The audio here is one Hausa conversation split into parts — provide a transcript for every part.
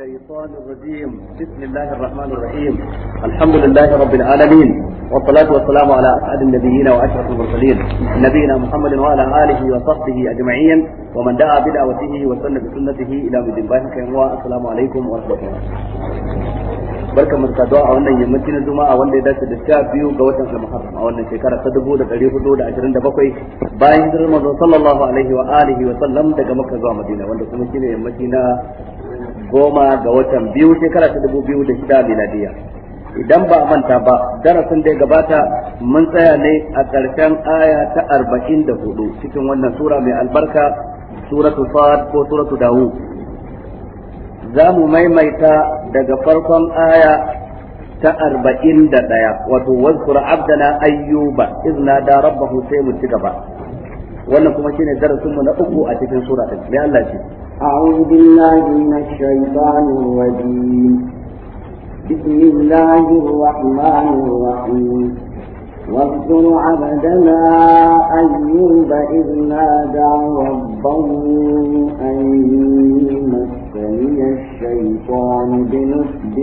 الشيطان الرجيم بسم الله الرحمن الرحيم الحمد لله رب العالمين والصلاة والسلام على أسعد النبيين وأشرف المرسلين نبينا محمد وعلى آله وصحبه أجمعين ومن دعا بدعوته وسن بسنته إلى مدين السلام عليكم ورحمة الله mu a wannan yammacin na juma'a wanda ya dace da sha biyu ga watan muharram a wannan shekara ta dubu da ɗari hudu da ashirin da bakwai bayan hijirar sallallahu alaihi wa alihi wa sallam daga makka zuwa madina wanda kuma shine yammaci na goma ga watan biyu shekara ta dubu biyu da shida miladiya idan ba manta ba darasin da gabata mun tsaya ne a ƙarshen aya ta arba'in da hudu cikin wannan sura mai albarka suratu fad ko suratu dawu za mu maimaita daga farkon aya ta arba'in da ɗaya wato wazkura abdana ayyuba izna da rabbahu sai mu ci gaba wannan kuma shine darasin mu na uku a cikin sura ta mai Allah ce أعوذ بالله من الشيطان الرجيم بسم الله الرحمن الرحيم واذكر عبدنا أيوب إذ نادى ربه أن مسني الشيطان بنصب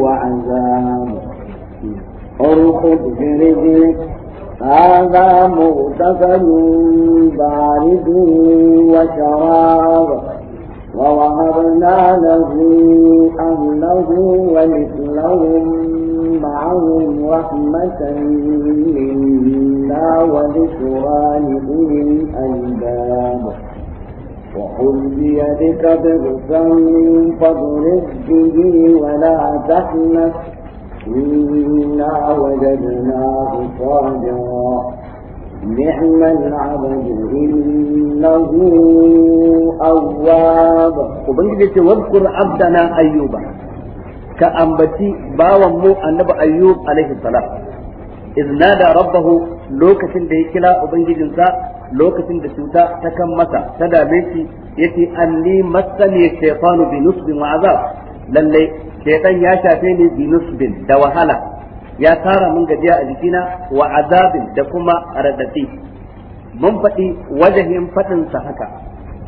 وعذاب ارخذ برجلك هذا مغتسل بارد وشراب ووهبنا له أهله ومثلهم معهم رحمة منا وذكرى لأولي الألباب وخذ بيدك ضغثا فاضرب به ولا تحنث إنا وجدناه صادرا نعم العبد إنه أواب وبنجد واذكر عبدنا أيوب كأنبتي باومو النبي أيوب عليه السلام إذ نادى ربه لوكة ديكلا وبنجد lokacin da cuta ta kan masa ta dame shi yace anni massani shaytanu bi nusbin wa azab lalle shaytan ya shafe ni bi nusbin da wahala ya tara mun gajiya a jikina wa azabin da kuma radadi mun faɗi wajahin faɗin sa haka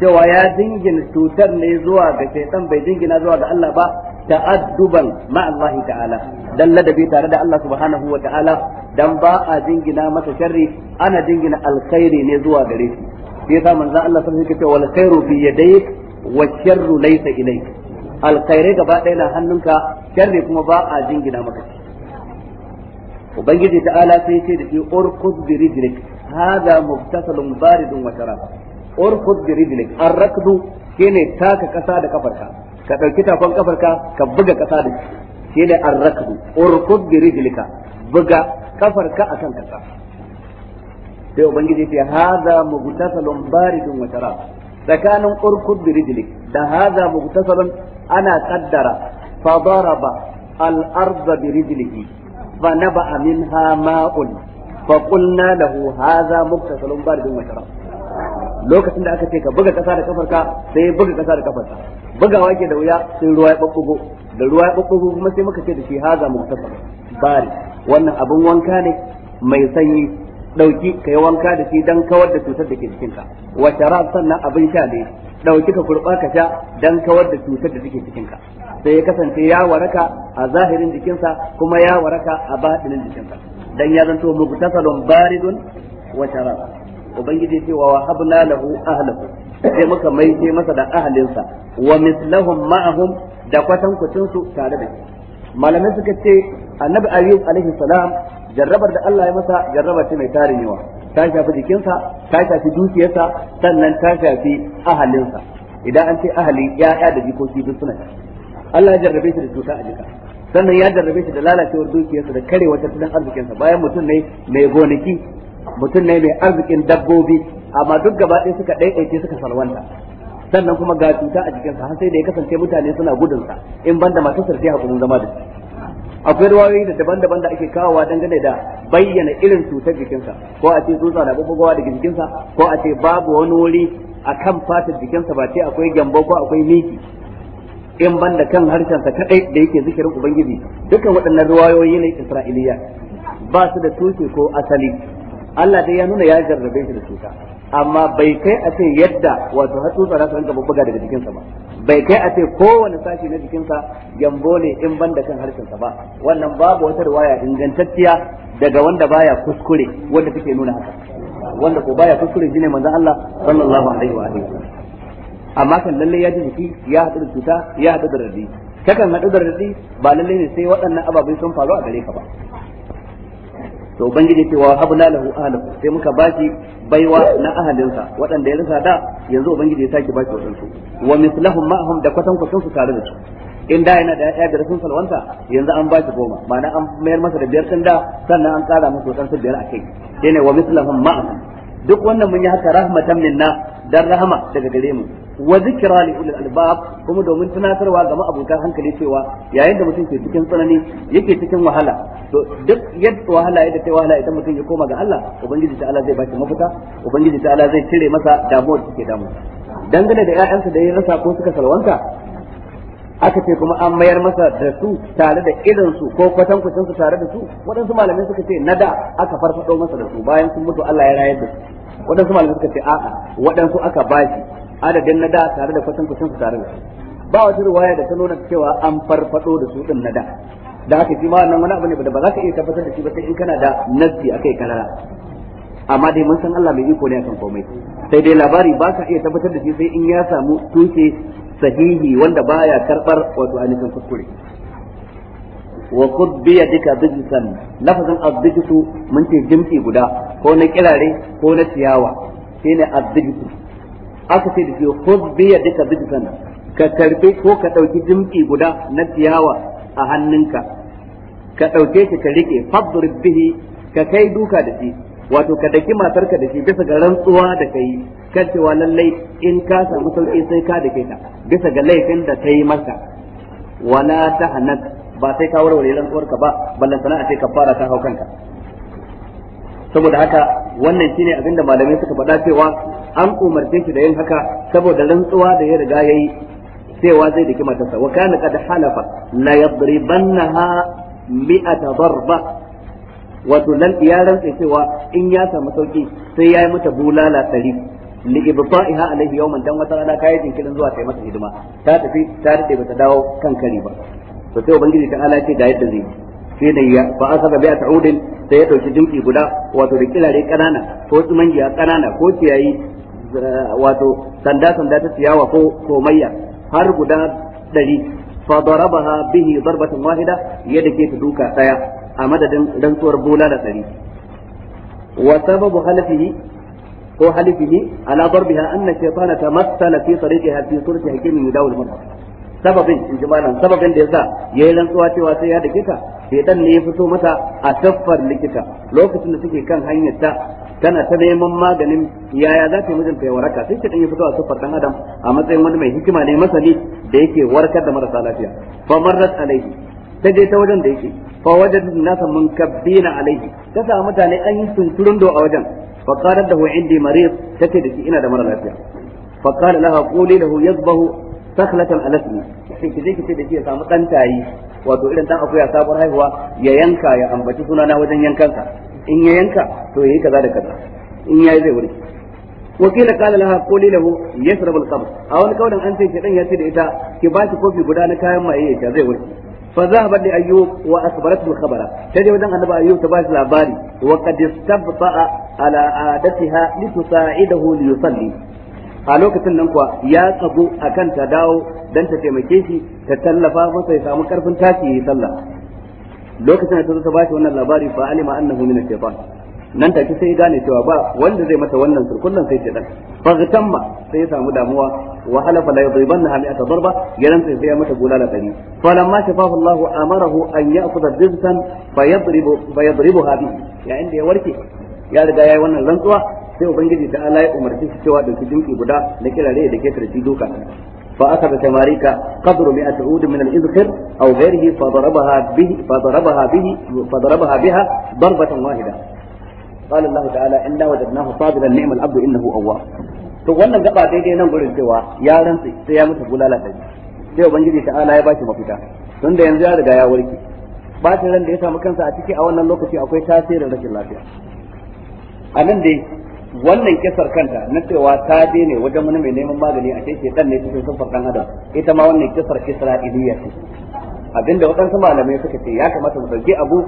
cewa ya dingina cutar ne zuwa ga shaytan bai dingina zuwa ga Allah ba ta'adduban ma Allah ta'ala dan ladabi tare da Allah subhanahu wa ta'ala dan ba a dingina masa sharri ana dingina alkhairi ne zuwa gare shi sai yasa manzon Allah sallallahu alaihi wasallam yake ce wal khairu bi yadayk wa sharru laysa ilayka alkhairai gaba ɗaya na hannunka sharri kuma ba a jingina maka ubangiji ala sai ce da shi orkut bi rijlik hada mubtasalun baridun wa sharab urqud bi rijlik arrakdu shine taka kasa da kafarka ka dauki tafan kafarka ka buga kasa da shi shine arrakdu urqud bi rijlika buga kafarka akan kasa sai ubangiji ce hada mubtasalun baridun wa sharab tsakanin urqud bi rijlik da hadha muktasabun ana qaddara fa daraba al arda bi rijlihi fa naba minha ma'un fa qulna lahu hadha muktasalun baridun wa sharab lokacin da aka ce ka buga kasa da kafarka sai buga kasa da kafarka bugawa ke da wuya sai ruwa ya bakkugo da ruwa ya bakkugo kuma sai muka ce da shi hadha muktasal bari wannan abin wanka ne mai sanyi dauki kai wanka da shi dan kawar da cutar da ke jikinka wa sharab sannan abin sha ne dauki ka kurba ka sha dan kawar da cutar da take cikin ka sai ya kasance ya waraka a zahirin jikinsa kuma ya waraka a batinin jikinsa dan ya zanto mubtasalun baridun wa sharab ubangiji ce wa wahabna lahu ahlahu sai muka sai masa da ahalinsa wa mislahum ma'ahum da kutun su tare da shi malamai suka ce annabi ayyub alaihi salam jarrabar da Allah ya masa jarraba ce mai tarin ta shafi jikinsa ta shafi dukiyarsa sannan ta shafi ahalinsa idan an ce ahali ya'ya da jikoki duk suna Allah ya jarrabe shi da cuta a jika sannan ya jarrabe shi da lalacewar dukiyarsa da karewa tattalin arzikinsa bayan mutum ne mai gonaki mutum ne mai arzikin dabbobi amma duk gaba ɗaya suka ɗaiɗaice suka salwanta sannan kuma ga cuta a jikinsa har sai da ya kasance mutane suna gudunsa in banda masu sarki hakurin zama da shi akwai ruwayoyi da daban-daban da ake kawowa dangane da bayyana irin cutar jikinsa ko a ce tsutsa na bubbugowa daga jikinsa ko a ce babu wani wuri a kan fatar jikinsa ba ce akwai gyambo ko akwai miki in ban da kan harshensa kadai da yake zikirin ubangiji dukkan waɗannan ruwayoyi ne isra'iliya ba su da tushe ko asali Allah dai ya nuna ya jarrabe shi da cuta amma bai kai a ce yadda wato hatsutsa za su rinka bubbuga daga jikinsa ba bai kai a ce kowane sashi na jikinsa yambo ne in ban da kan harshensa ba wannan babu wata riwaya ingantacciya daga wanda baya kuskure wanda take nuna haka wanda ko baya kuskure shine manzon Allah sallallahu alaihi wa alihi amma kan lalle ya ji jiki ya haɗu da cuta ya haɗu da radi kakan haɗu da radi ba lalle ne sai waɗannan ababai sun faru a gare ka ba to ubangiji cewa habna lahu ahlahu sai muka baki baiwa na ahalinsa waɗanda ya rasa da yanzu ubangiji ya sake baki wadansu wa mislahum ma'ahum da kwatan kwatan su tare da su in da yana da ya da sun salwanta yanzu an baki goma ma'ana an mayar masa da biyar tun da sannan an kara masa wadansu biyar a kai shine wa mislahum ma'ahum duk wannan mun yi haka rahmatan minna dan rahama daga gare mu wa zikra li ulil albab kuma domin tunatarwa ga abokan hankali cewa yayin da mutum ke cikin tsanani yake cikin wahala to duk yadda wahala yadda ta wahala idan mutum ya koma ga Allah ubangiji ta Allah zai baki mafita ubangiji ta Allah zai cire masa damuwar take damu dangane da ƴaƴansa da ya rasa ko suka salwanta aka ce kuma an mayar masa da su tare da irin su ko kwatan kwatan su tare da su waɗansu malamai suka ce na da aka farfado masa da su bayan sun mutu Allah ya rayar da su waɗansu malamai suka ce a'a waɗansu aka bashi adadin na da tare da kwatan kwatan su tare da su ba wata ruwaya da ta nuna cewa an farfado da su din na da da haka shi ma wannan wani abu ne da ba za ka iya tabbatar da shi ba sai in kana da nazzi akai karara amma dai mun san Allah mai iko ne akan komai sai dai labari ba ka iya tabbatar da shi sai in ya samu tushe sahihi wanda baya karbar wato ainihin kuskure wa khud bi yadika dijsan lafazan azdijsu mun ce jimti guda ko na kirare ko na ciyawa shine azdijsu aka ce da shi khud bi yadika dijsan ka karbe ko ka dauki jimti guda na ciyawa a hannunka ka dauke shi ka rike fadrib bihi ka kai duka da shi wato ka daki matarka da shi bisa ga rantsuwa da kai kan cewa lallai in ka samu sauki sai ka dake ta bisa ga laifin da kai masa wala tahanak ba sai ka warware rantsuwarka ba ballan sana'a sai fara ta hau kanka saboda haka wannan shine abinda malamai suka faɗa cewa an umarce shi da yin haka saboda rantsuwa da ya riga yayi cewa zai daki matarsa wa kana qad halafa la yadribanha mi'ata darba wato lan ya rantsa cewa in ya samu sauki sai ya yi mata bulala tsari li ibta'iha alayhi yawman dan wata rana kai jinkirin zuwa sai masa hidima ta tafi ta rade bata dawo kan kari ba to sai ubangiji ta ala ce ga yadda zai sai da ya fa asaba bi ta'udin sai ya dauki dinki guda wato da kirare kanana ko tsumangiya kanana ko ciyayi wato sanda sanda ta ciyawa ko komayya har guda dari fa darabaha bihi darbatan wahida yadda ke ta duka daya a madadin rantsuwar bola da tsari wa sababu ne ko halifihi ala darbiha anna shaytana tamassala fi tariqiha fi surati hakimin yudawul mar'a sababin in ji sababin da yasa yayi rantsuwa cewa sai ya dake sai dan ne ya fito mata a saffar likita lokacin da suke kan hanyar ta tana ta neman maganin yaya za ta yi mijinta ya waraka sai dan ya fito a saffar dan adam a matsayin wani mai hikima ne masani da yake warkar da marasa lafiya fa marrat alaihi ta je ta wajen da yake fa wajadu nasa munkabbina alayhi ta sa mutane an yi sunkurin do a wajen fa qalat lahu indi marid take da shi ina da mara lafiya fa qala laha quli lahu yadhbahu sakhlatan alasmi sai ki zai ki da shi ya samu dan tayi wato irin dan akuya sabuwar haihuwa ya yanka ya ambaci sunana wajen yankansa in ya yanka to yayi kaza da kaza in yayi zai wuri wakila kala laha quli lahu a wani kaudan an ce ki dan ya ce da ita ki ba shi kofi guda na kayan maye zai ba لأيوب وأخبرته الخبر تجد أن أبا أيوب تباش العباري وقد استبطأ على عادتها لتساعده ليصلي a lokacin nan kuwa ya tsago a kan ta dawo dan ta taimake shi ta tallafa masa ya samu karfin tashi ya yi sallah lokacin da ta zo ta bashi wannan labari alima annahu min nan take sai ya gane cewa ba wanda zai mata wannan surkullan sai shedan fa gitamma sai ya samu damuwa wa halafa la yadribanna hal ata darba ya rantsa sai ya mata bulala dari fa lamma shafahu Allah amarahu an ya'khudha dizkan fa yadribu fa ha bi yayin da ya warke ya riga yayi wannan rantsuwa sai ubangiji da Allah ya umarci shi cewa dauki dinki guda da kirare da ketar shi duka فأخذ تماريك قدر 100 عود من الإذخر أو غيره فضربها به فضربها به فضربها بها ضربة wahida. قال الله تعالى inna وجدناه sabiran نعم abdu innahu awwab to wannan gaba dai nan gurin cewa ya rantsi sai ya mutu bulala da sai ubangiji ala ya bashi mafita tunda yanzu ya riga ya warke ta ran da ya samu kansa a ciki a wannan lokaci akwai tasirin rashin lafiya a nan dai wannan kisar kanta na cewa ta daina wajen wani mai neman magani a cikin dan ne cikin sun dan adam ita ma wannan kisar isra'iliya ce abinda waɗansu malamai suka ce ya kamata mu ɗauki abu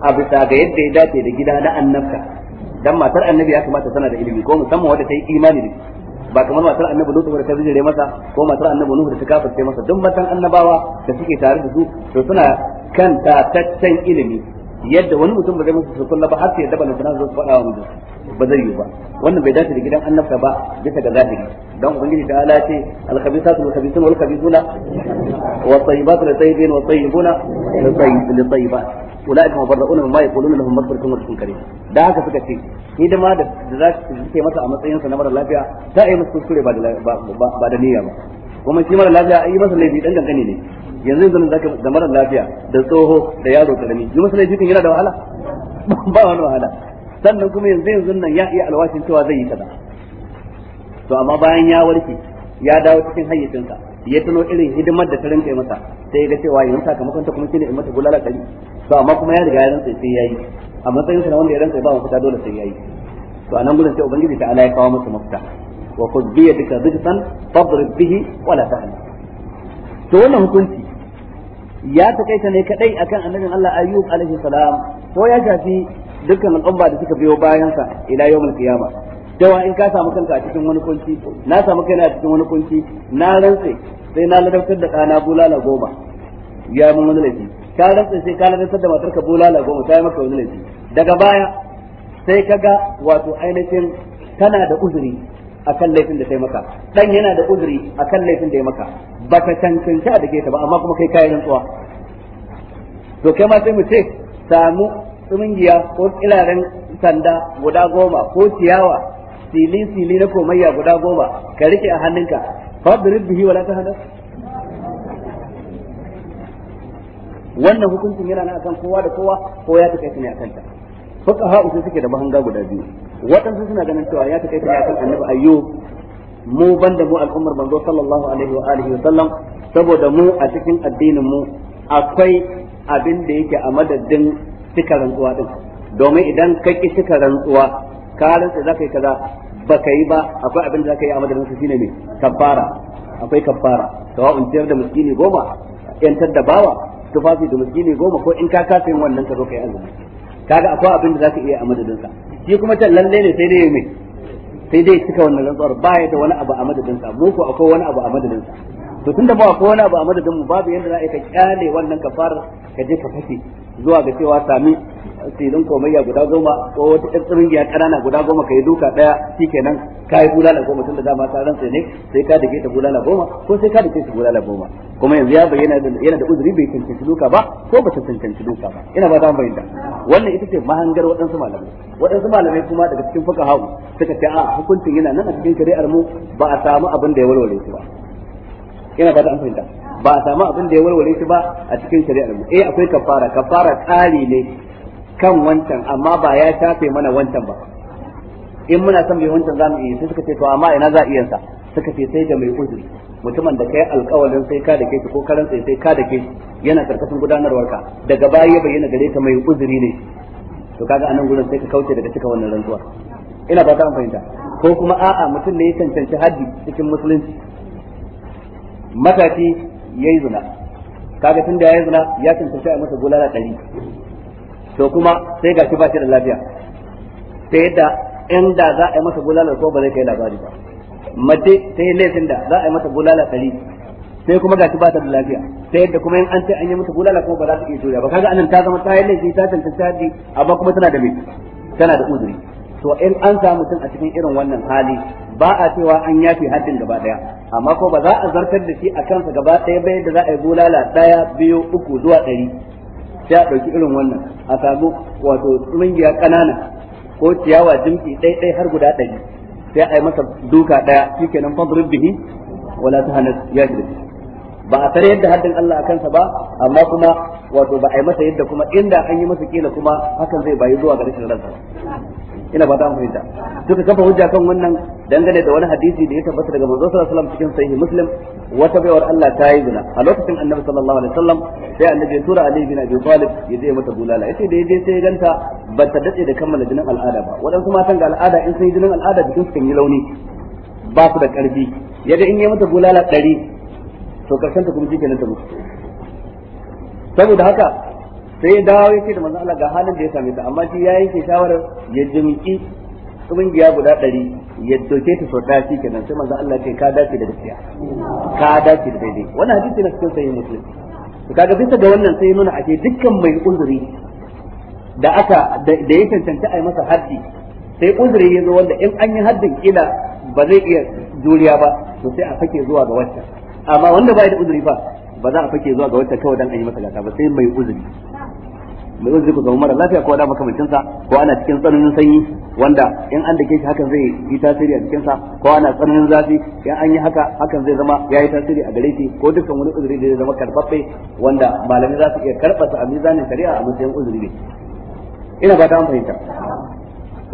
a bisa ga yadda ya dace da gida na annabka dan matar annabi ya kamata tana da ilimi ko musamman wanda ta yi imani da ba kamar matar annabi lutu da ta bijire masa ko matar annabi nuhu da ta kafirce masa duk matan annabawa da suke tare da su to suna kan tataccen ilimi yadda wani mutum ba zai musu su ba har sai da balantana zai faɗa wa mutum ba zai yi ba wannan bai dace da gidan annabta ba bisa ga zahiri dan ubangiji ta ala ce al-khabithatu lil-khabithun wal-khabithuna wat-tayyibatu lit-tayyibin wat-tayyibuna lit-tayyibat ulaika mubarra'una mimma yaquluna lahum maghfiratun wa rizqun karim da haka suka ce hidima da za su suke masa a matsayin sa na mara lafiya ta yi musu kuskure ba da niyya ba kuma shi mara lafiya ai masa laifi dan dangane ne yanzu yanzu zaka da mara lafiya da tsoho da yaro karami yi masa laifi kan yana da wahala ba wani wahala sannan kuma yanzu yanzu nan ya iya alwashin cewa zai yi kaza to amma bayan ya warke ya dawo cikin hayyacinsa ya tuno irin hidimar da ta rinka masa sai ya ga cewa yanzu sakamakon ta kuma shine in mata gulala kari to amma kuma ya riga ya rantsa sai yayi a matsayin sa wanda ya rantsa ba mu fita dole sai yayi to anan gurin sai ubangiji ta Allah ya kawo masa mafita wa khudh bi yadika dhikran fadrib bihi wala ta'al to wannan hukunci ya ta ne kadai akan annabin Allah Ayyub alaihi salam ko ya shafi dukkan al'umma da suka biyo bayansa ila yawmul qiyama dawa in ka samu kanka a cikin wani kunci na samu kaina a cikin wani kunci na rantsa sai na ladabtar da kana bulala goma ya mun wani laifi ka rantsa sai ka ladabtar da matarka bulala goma ta maka wani laifi daga baya sai ka ga wato ainihin tana da uzuri akan laifin da ta maka dan yana da uzuri akan laifin da ya maka baka cancanta da ke ta ba amma kuma kai kayan rantsuwa to kai ma sai mu ce samu tsumingiya ko tsiraren sanda guda goma ko ciyawa sili sili na komayya guda goma ka rike a hannunka fadrib bihi wala hada wannan hukuncin yana nan akan kowa da kowa ko ya kai ne akan ta ha usu suke da mahanga guda biyu waɗansu suna ganin cewa ya take ne akan annabi ayyo mu banda mu al'ummar manzo sallallahu alaihi wa alihi wa sallam saboda mu a cikin addinin mu akwai abin da yake a madadin cika rantsuwa din domin idan ka ki cika rantsuwa ka rantsa zaka yi kaza baka yi ba akwai abin da zaka yi a madadin su shine me kaffara akwai kaffara sawa'un ciyar da miskini goma yantar da bawa tufafi da miskini goma ko in ka kasa yin wannan ka zo kai azumi kaga akwai abin da zaka iya a madadin sa shi kuma can lalle ne sai dai me sai dai cika wannan rantsuwar baya da wani abu a madadin sa mu ko akwai wani abu a madadin sa to tunda ba ko wani ba a madadin mu babu yanda za a ka kyale wannan kafar ka je ka fashe zuwa ga cewa sami tilin komayya guda goma ko wata ɗan tsiringiya ƙanana guda goma ka yi duka ɗaya shikenan ka yi bulala goma tunda dama ta ransa ne sai ka dake ta bulala goma ko sai ka dake ta bulala goma kuma yanzu ya bayyana yana da uzuri bai cancanci duka ba ko ba ta cancanci duka ba ina ba ta bayyana wannan ita ce mahangar waɗansu malamai waɗansu malamai kuma daga cikin fuka hagu suka ce a hukuncin yana nan a cikin shari'ar mu ba a samu abin da ya walwale su ba ina fata an fahimta ba a samu abin da ya warware shi ba a cikin shari'ar mu eh akwai kafara kafara tsari ne kan wancan amma ba ya shafe mana wancan ba in muna son bai wancan zamu iya sai suka ce to amma ina za a iya sa suka ce sai da mai uzuri mutumin da kai alƙawarin sai ka da ke ko karan sai sai ka da ke yana karkashin gudanarwarka daga baya ya bayyana gare ka mai uzuri ne to kaga anan gurin sai ka kauce daga cika wannan rantsuwa ina ba ta fahimta ko kuma a'a mutum ne ya cancanci haddi cikin musulunci matashi yi zina kaga tun da ya yi zina ya cancanta a masa bulala ɗari to kuma sai ga shi ba shi da lafiya ta yadda inda za a yi masa bulala ko ba zai kai labari ba mace ta yi laifin da za a yi masa bulala ɗari sai kuma ga shi ba ta da lafiya ta yadda kuma in an ce an yi masa bulala ko ba za ta iya juriya ba kaga anan ta zama ta yi laifi ta cancanta haji amma kuma tana da mai tana da uzuri to in an samu mutum a cikin irin wannan hali ba a cewa an yafe haddin gaba daya amma ko ba za a zartar da shi a kansa gaba ɗaya ba da za a yi bulala ɗaya biyu uku zuwa ɗari sai a ɗauki irin wannan a samu wato ƙungiya ƙanana ko ciyawa jimki ɗaiɗai har guda ɗari sai a yi masa duka ɗaya shi kenan fadrib bihi wala ta hana ya ba a tare yadda haddin Allah a kansa ba amma kuma wato ba a yi masa yadda kuma inda an yi masa kila kuma hakan zai bayi zuwa ga rashin ransa ina ba ta fahimta duka kafa hujja kan wannan dangane da wani hadisi da ya tabbata daga manzo sallallahu alaihi wasallam cikin sahihi muslim wata baiwar Allah ta yi zina a lokacin annabi sallallahu alaihi wasallam sai annabi tura ali bin abi talib ya je mata bulala yace da yaje sai ganta ba ta dace da kammala jinin al'ada ba wadansu matan ga al'ada in sai jinin al'ada jikin su kan yi launi ba su da karfi yaje in yi mata bulala ɗari to karshen ta kuma nan ta mutu saboda haka sai ya dawo ya ce da manzon Allah ga halin da ya same ta amma shi ya yanke shawarar ya jimki kungiya guda ɗari ya doke ta sau ɗaya shi nan, sai manzon Allah ce ka dace da gaskiya ka dace da daidai wannan hadisi na cikin sahihin muslim to kaga bisa ga wannan sai nuna ake dukkan mai uzuri da aka da ya cancanta a yi masa haddi sai uzuri ya zo wanda in an yi haddin kila ba zai iya juriya ba to sai a fake zuwa ga wancan. amma wanda ba da uzuri ba ba za a fake zuwa ga wancan kawai dan an yi masa gata ba sai mai uzuri mai uzuri ku zama mara lafiya ko da makamancin sa ko ana cikin tsananin sanyi wanda in an dake shi hakan zai yi tasiri a jikinsa ko ana tsananin zafi in an yi haka hakan zai zama ya yi tasiri a gare shi ko dukkan wani uzuri da zai zama karfaffe wanda malamai za su iya karfasa a mizanin shari'a a matsayin uzuri ne ina ba ta fahimta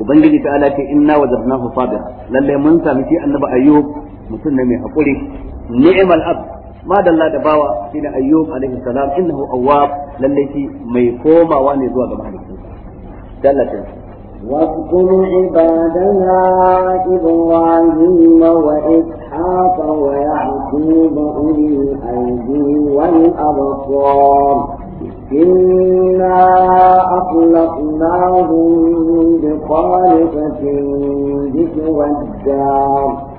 ubangiji ta ala ce inna zarnahu sabira lalle mun sami shi annabi ayyub mutum ne mai hakuri ni'mal abd ma dalla da bawa shine ayyub alaihi salam innahu awwab lalle shi mai komawa ne zuwa ga mahalicci dallata واذكر عبادنا إبراهيم وإسحاق ويعقوب أولي الأيدي والأبصار إنا أخلقناهم بخالقة ذكر الدار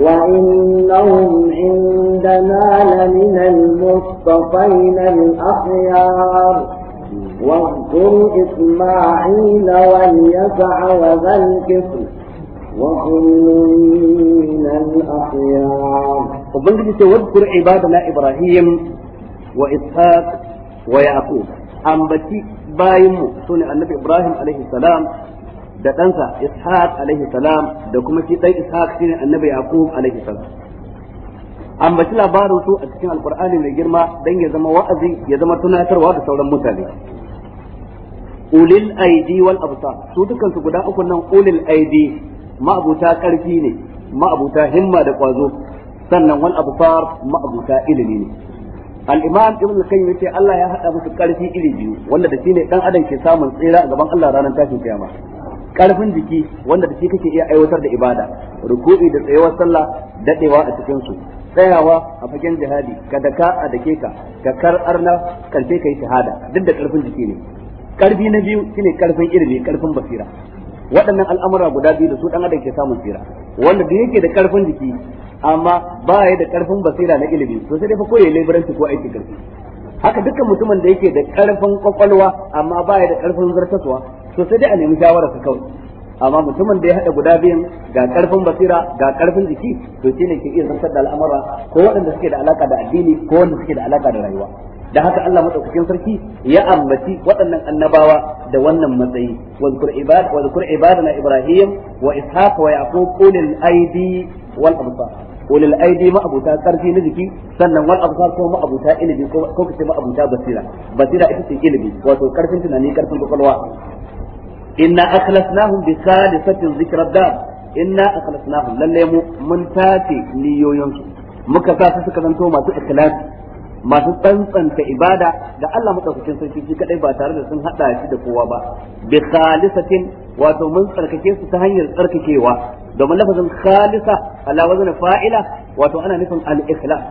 وإنهم عندنا لمن المصطفين الأخيار واذكر إسماعيل واليسع وذا الكفر وكل من الأخيار وبنجد واذكر عبادنا إبراهيم وإسحاق ويعقوب أنبتي بايمو سنة النبي إبراهيم عليه السلام da ɗansa ishaq alaihi salam da kuma shi ɗan ishaq shi ne annabi yaqub alaihi salam ambaci labarin su a cikin alkur'ani mai girma dan ya zama wa'azi ya zama tunatarwa da sauran mutane ulil aidi wal abta su dukan su guda uku nan ulil aidi ma'abuta karfi ne ma'abuta himma da kwazo sannan wal absar ma'abuta ilimi ne al-imam ibn al-qayyim yace Allah ya hada musu karfi ilimi wanda da shine dan adam ke samun tsira a gaban Allah ranar tashin kiyama karfin jiki wanda da shi kake iya aiwatar da ibada ruku'i da tsayuwar sallah dadewa a cikin su tsayawa a fagen jihadi ka daka a dake ka ka kar arna kalfe kai shahada duk da karfin jiki ne karfi na biyu shine karfin ilimi karfin basira waɗannan al'amura guda biyu da su dan adam ke samun tsira wanda da yake da karfin jiki amma ba ya da karfin basira na ilimi to sai dai fa koyi laboranci ko aiki karfi haka dukkan mutumin da yake da karfin kwakwalwa amma baya da karfin zartaswa to sai dai a nemi shawara sa kawai amma mutumin da ya hada guda biyan ga karfin basira ga karfin jiki to ne ke iya zartar da al'amura ko waɗanda suke da alaka da addini ko waɗanda suke da alaka da rayuwa da haka Allah madaukakin sarki ya ambaci waɗannan annabawa da wannan matsayi wazkur ibad wazkur ibadana ibrahim wa ishaq wa yaqub ulil aidi wal absar ulil aidi ma abuta karfi na jiki sannan wal absar kuma ma abuta ilimi ko ko kace ma abuta basira basira ita ce ilimi wato karfin tunani karfin kwakwalwa inna akhlasnahum bi khalisatin zikra dar inna akhlasnahum lalle mu mun tace niyoyin su muka sa su suka zanto masu ikhlasi masu tsantsanta ibada ga Allah madaukakin sarki shi kadai ba tare da sun hada shi da kowa ba bi khalisatin wato mun tsarkake su ta hanyar tsarkakewa domin lafazin khalisa ala fa'ila wato ana nufin al-ikhlas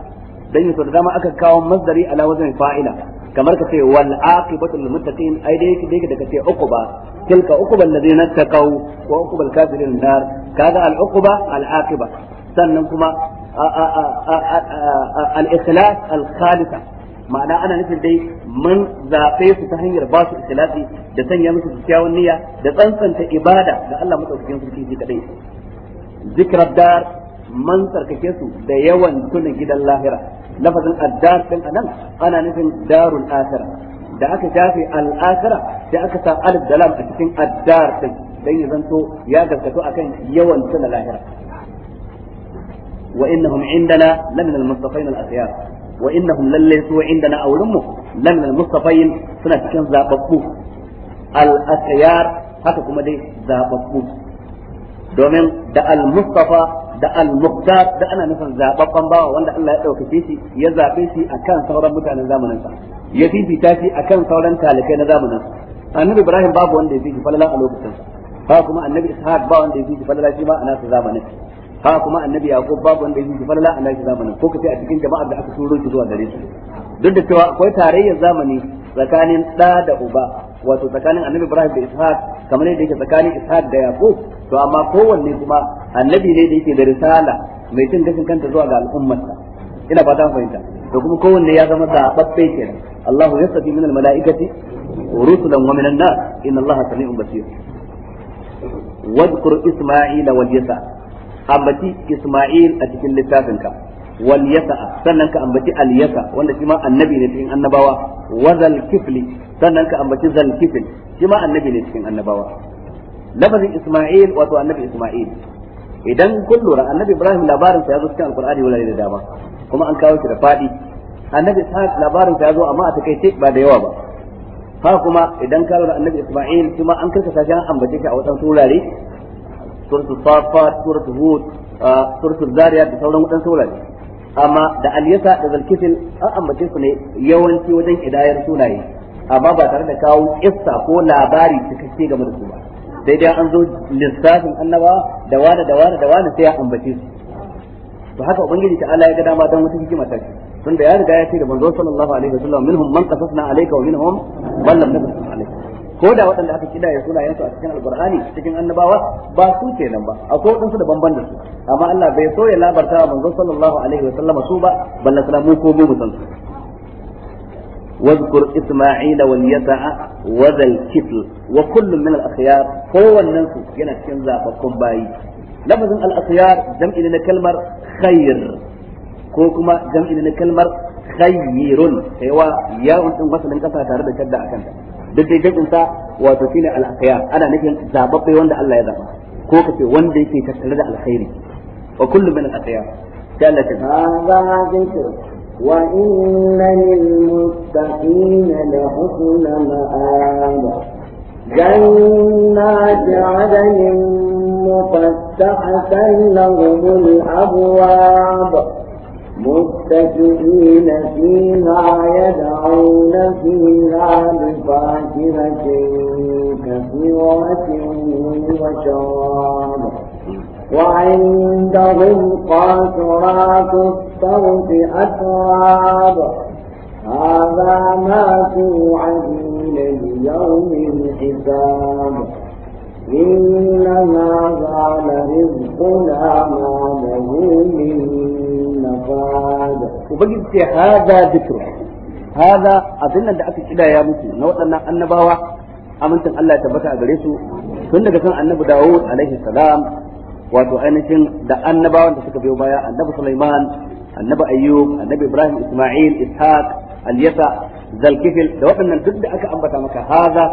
dan yato da dama aka kawo masdari ala wazn fa'ila kamar ka ce wal aqibatu lil muttaqin ai dai yake daga ka ce uquba tilka uquba alladhina taqaw wa uquba al-kafirin nar kaga al-uquba al-aqiba sannan kuma al-ikhlas al-khalisa ma'ana ana nufin dai mun zaɓe su ta hanyar ba su ikhlasi da sanya musu kyakkyawan da tsantsanta ibada da Allah madaukakin sarki shi kadai zikrar dar man tsarkake su da yawan tuna gidan lahira lafazin addar a nan ana nufin darul akhirah da aka shafe al-akhirah sai aka sa alif da lam a cikin addar din dan ya zanto ya gaskato akan yawan tuna lahira wa innahum indana lamin al-mustafain indana a wurin al-mustafain suna cikin zababbu al haka kuma dai zababbu domin da al-mustafa da al-muqtar da ana nufin wanda Allah ya dauke shi ya zabe akan sauran mutanen zamanin sa ya fifita shi akan sauran talikai na zamanin sa annabi Ibrahim babu wanda ya fi falala ba kuma ba ma a nasa zamanin ha kuma annabi yaqub babu wanda yake falala a nashi zamanin ko kace a cikin jama'ar da aka turo shi zuwa gare su duk da cewa akwai tarayyar zamani tsakanin da da uba wato tsakanin annabi ibrahim da ishaq kamar yadda yake tsakanin ishaq da yaqub to amma kowanne kuma annabi ne da yake da risala mai cin gashin kanta zuwa ga al'ummarsa ina fata fahimta to kuma kowanne ya zama zababbe kenan Allah ya sabi min al-mala'ikati rusulan wa minan nas inna Allah sami'un basir واذكر إسماعيل واليسع ambaci Isma'il a cikin littafinka wal yasa sannan ka ambaci al yasa wanda shi ma annabi ne cikin annabawa wa zal kifli sannan ka ambaci zal kifli shi ma annabi ne cikin annabawa lafazin Isma'il wato annabi Isma'il idan kun lura annabi Ibrahim labarin sa ya zo cikin alqur'ani wurare da dama kuma an kawo shi da fadi annabi Ishaq labarin sa ya zo amma a takaice ba da yawa ba ha kuma idan ka lura annabi Isma'il kuma an karkata shi an ambace shi a wasan turare suratul safat suratul hud suratul zariyat da sauran wadansu wurare amma da aliyasa da zalkitin an ambace su ne yawanci wajen idayar sunaye amma ba tare da kawo kissa ko labari cikakke game da su ba sai dai an zo lissafin annaba da wani da wani da wani sai ya ambace su to haka ubangiji ta Allah ya ga dama dan wata hikima ta tunda ya riga ya ce da minhum man wa ko da waɗanda aka kida ya sunayensu a cikin alqur'ani cikin annabawa ba su kenan ba akwai waɗansu da ban da su amma Allah bai so ya labarta wa manzon sallallahu alaihi wa sallama su ba balla salamu ko mu musan su واذكر إسماعيل واليسع وذا الكفل وكل من الأخيار هو الناس ينا كنزا فكمباي لفظ الأخيار جمع لنا كلمة خير كوكما جمع لنا كلمة خير سيوا يا أنتم مثلا كفا تارد شد أكنت duk dai jam'in sa wato shine al ana nufin zababbe wanda Allah ya zaba ko kace wanda yake tattare da alkhairi wa kullu min al-akhyar sai Allah ta hadha dhikr wa inna lil muttaqin la husna ma'ab جنات عدن مفتحة لهم الأبواب متكئين فيها يدعون فيها بفاكهة كثيرة وشراب وعندهم قاصرات الصوت أتراب هذا ما توعدون ليوم الحساب إن هذا لرزقنا ما له من هذا وبجد في هذا ذكر هذا أظن أن أكي إلى يا مكي نوطنا النباوة أمنتم الله su بريسو سنة كان النبي داود عليه السلام wato ainihin da annabawan da suka biyo baya annabi Sulaiman annabi Ayyub annabi Ibrahim Isma'il Ishaq Al-Yasa Zalkifil da waɗannan duk da aka ambata maka haza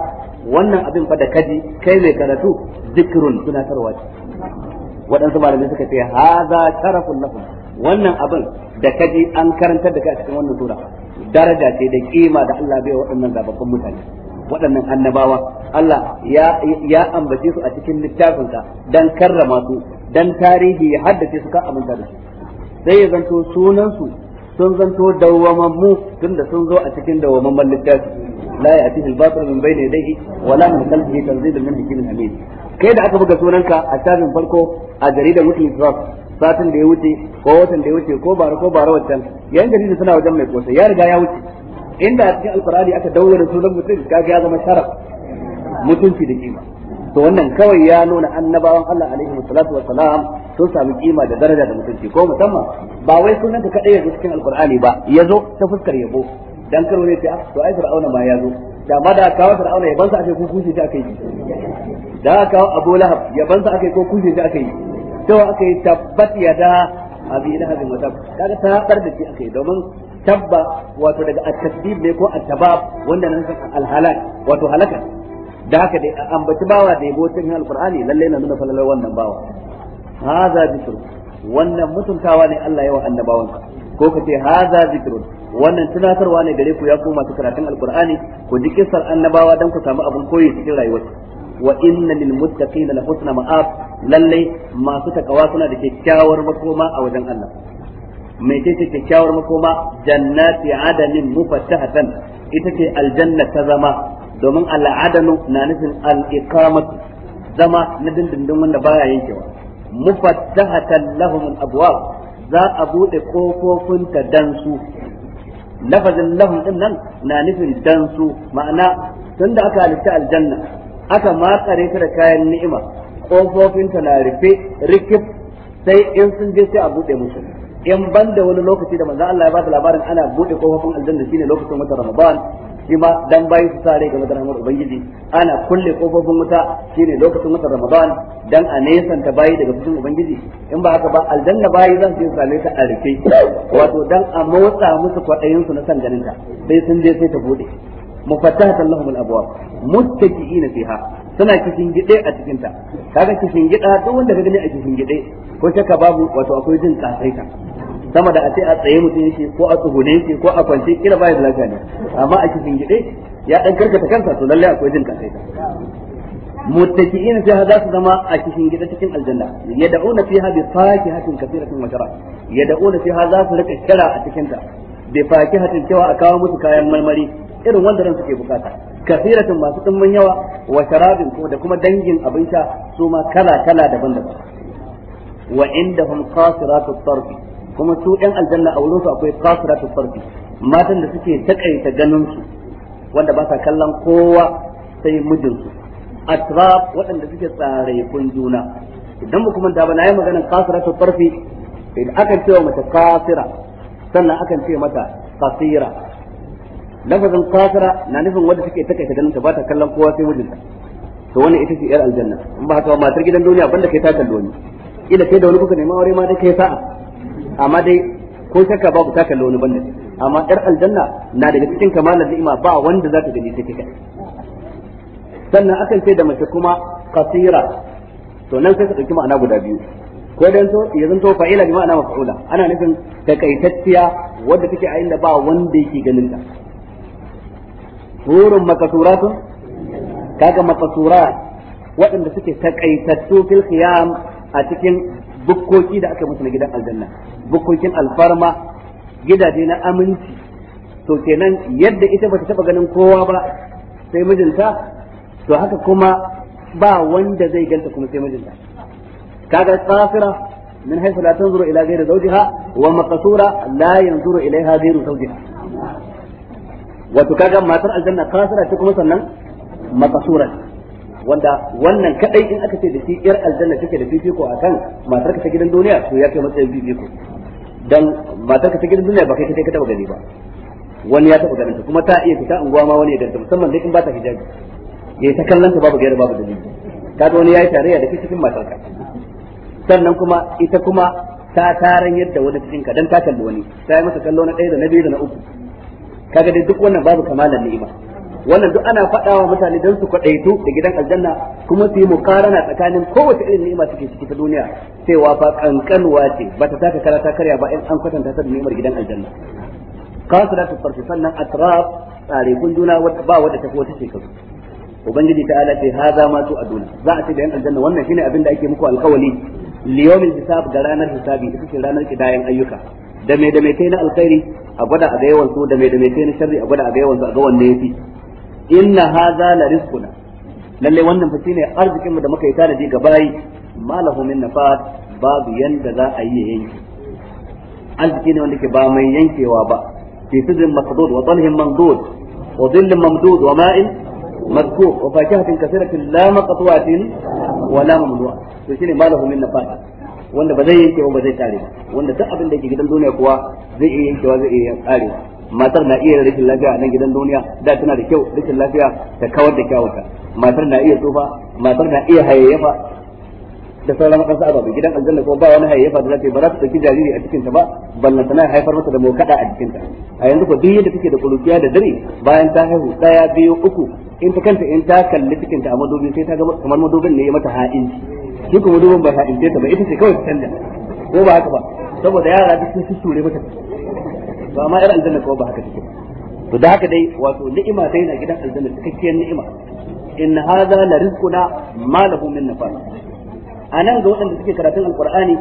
wannan abin fa da kaji kai mai karatu zikrun tunatarwa ce waɗansu malamai suka ce haza sharafun lahum wannan abin da kaji an karantar da kai a cikin wannan sura daraja ce da kima da Allah bai waɗannan zababban mutane waɗannan annabawa Allah ya ya ambace su a cikin littafinsa dan karrama su dan tarihi ya haddace su ka aminta da su sai ya zanto sunan su sun zanto dawwamammu tunda sun zo a cikin dawwamamman littafi la ya'tihi al-batil min bayni yadayhi wa la min khalfihi tanzilun min hakimin hamid kai da aka buga sunanka a shafin farko a jaridar mutum trust satin da ya wuce ko watan da ya wuce ko bara ko bara wancan jaridar suna wajen mai kosai ya riga ya wuce inda a cikin alkurani aka daura sunan mutum kaga ya zama sharaf mutunci da kima to wannan kawai ya nuna annabawan Allah alaihi wasallatu sun sami kima da daraja da mutunci ko musamman ba wai sunanka kadai a cikin alkur'ani ba yazo ta fuskar yabo dan karo ne ta ah, to ai fir'auna ma yazo da ma da kawo fir'auna yaban sa ake kukuci ta kai da aka kawo Abu Lahab yabansa aka yi ko kushe shi aka yi cewa aka yi tabbat yada abi lahabin wa tab kaga tabar da shi aka yi domin tabba wato daga at-tasbib ne ko at-tabab wanda nan san al-halak wato halaka da haka dai ambaci bawa da yabo cikin alqur'ani lalle na nuna falalar wannan bawa haza zikr wannan mutuntawa ne Allah ya wa annabawansa ko kace haza zikr wannan tunatarwa ne gare ku ya ku masu karatun alkur'ani ku ji kissar annabawa dan ku samu abin koyi cikin rayuwarku wa inna lil muttaqina la husna ma'ab lalle masu takawa suna da kyakkyawar makoma a wajen Allah mai ce ce kyakkyawar makoma jannati adanin mufattahatan ita ce aljanna ta zama domin al'adanu na nufin al'iqamat zama na dindindin wanda baya yankewa mufattahatan lahum al-abwab za a bude kofofin ta dan su lafazin lahum din nan na nufin dan su ma'ana tunda aka halitta aljanna aka matsare ta da kayan ni'ima kofofinta na rufe rikif sai in sun je sai a buɗe musu in ban da wani lokaci da manzo Allah ya ba labarin ana buɗe kofofin aljanna shine lokacin wata Ramadan shi ma dan bayi su sare ga madar Ubangiji ana kulle kofofin wuta shine lokacin watan Ramadan dan a nesanta bayi daga cikin Ubangiji in ba haka ba aljanna bayi zan je same ta a rufe wato dan a motsa musu kwadayin su na san ganin ta sai sun je sai ta bude mufattahatan lahum al-abwab muttaki'ina fiha suna kishin gide a cikin ta kaga kishin gida duk wanda ka gani a kishin gide ko shakka babu wato akwai jin kasaita sama da a ce a tsaye mutum ko a tsugune yake ko a kwance kila baya da lafiya amma a ya kansa akwai jin متكئين فيها ذات زما أكشن جدا تكن الجنة يدعون فيها بفاكهة كثيرة وشراب يدعون فيها ذات لك الشرع تكن بفاكهة كوا أكاوم كايا ملمري irin wanda ran suke bukata kasiratun masu dimmin yawa wa sharabin ko da kuma dangin abin sha su ma kala kala daban-daban wa indahum qasiratut tarf kuma su ɗan aljanna a wurin su akwai qasiratut tarf matan da suke takaita ganin su wanda ba sa kallon kowa sai mijinsu atraf waɗanda suke tsare kun juna idan mu kuma da ba na yi maganin kasiratu farfi idan akan ce mata mace kasira sannan akan ce mata kasira lafazin kafira na nufin wanda take take ta ganin ta ba ta kallon kowa sai mijinta to wannan ita ce yar aljanna in ba haka ba matar gidan duniya banda kai ta kallo ni Ila kai da wani kuka nema aure ma dai kai sa'a amma dai ko shakka babu ta kallo wani banda amma yar aljanna na daga cikin kamalar ni'ima ba wanda za ta gani sai kika sannan akan ce da mace kuma kasira to nan sai ka dauki ma'ana guda biyu ko dan to ya zanto fa'ila bi ma'ana maf'ula ana nufin takaitacciya wadda take a inda ba wanda yake ganin ta hurun makasuratun kaga makasurat waɗanda suke takaitattu fil khiyam a cikin bukkoki da aka musu na gidan aljanna bukkokin alfarma gidaje na aminci to kenan yadda ita bata taba ganin kowa ba sai mijinta to haka kuma ba wanda zai ganta kuma sai mijinta kaga tsafira min haythu la tanzuru ila ghairi zawjiha wa maqsura la yanzuru ilaiha ghairu zawjiha wato kaga matar aljanna kasira ce kuma sannan makasura wanda wannan kadai in aka ce da shi yar aljanna take da fifiko akan matar ka ta gidan duniya to ya kai matsayin fifiko dan matar ka ta gidan duniya ba kai kai ka taba gani ba wani ya taba ganin ta kuma ta iya fita unguwa ma wani ya ganta musamman dai in ba ta hijabi ya ta kallon ta babu gaira babu dalili kaga wani yayi tarayya da cikin matar ka sannan kuma ita kuma ta taran yadda wani cikin ka dan ta kalli wani ta yi masa kallo na ɗaya da na biyu da na uku kaga dai duk wannan babu kamalan ni'ima wannan duk ana faɗawa mutane don su kwaɗaitu da gidan aljanna kuma su yi mukarana tsakanin kowace irin ni'ima suke ciki ta duniya cewa fa kankanuwa ce ba ta taka kara ta karya ba in an kwatanta ta da ni'imar gidan aljanna kasiratu farfi sannan atraf tsare kun ba wadda tafi wata shekaru ubangiji ta ala ce haza ma aduna za a ce da yan aljanna wannan shine abin da ake muku alkawali liyomin hisab ga ranar hisabi ita ce ranar kidayan ayyuka da mai da mai kai na alkhairi a gwada a ga yawan su da mai da mai kai na sharri a gwada a ga yawan su a ga wanne yafi inna hadha la rizquna lalle wannan fa shine arzikin mu da muka yi tanaji ga bayi malahu min nafat babu yanda za a yi yanki arziki ne wanda ke ba mai yankewa ba fi sidrin masdud wa talhin mamdud wa dhillin mamdud wa ma'in madkub wa fakihatin kathiratin la maqtu'atin wa la mamnu'a to shine malahu min nafat wanda ba zai yanke ba zai tare wanda duk abin da ke gidan duniya kuwa zai iya yankewa zai iya karewa matar na iya rashin lafiya a nan gidan duniya da tana da kyau rashin lafiya ta kawar da kyawunta matar na iya tsufa matar na iya hayayyafa da sauran wadansu ababe gidan aljanna kuma ba wani hayayyafa da zafi ba za ta ɗauki jariri a cikinta ba ballan tana haifar masa da mokada a jikinta a yanzu ko duk yadda take da kulukiya da dare bayan ta haihu ɗaya biyu uku in ta kanta in ta kalli cikinta a madubin sai ta ga kamar madubin ne ya mata ha'inci shi kuma dubin ba ta ince ta ba ita ce kawai ta canja ko ba haka ba saboda yara duk sun shure mata ba ma yar aljanna ko ba haka take to da haka dai wato ni'ima dai na gidan aljanna cikakken ni'ima in hadha la rizquna ma lahu min nafas anan ga waɗanda suke karatun alqur'ani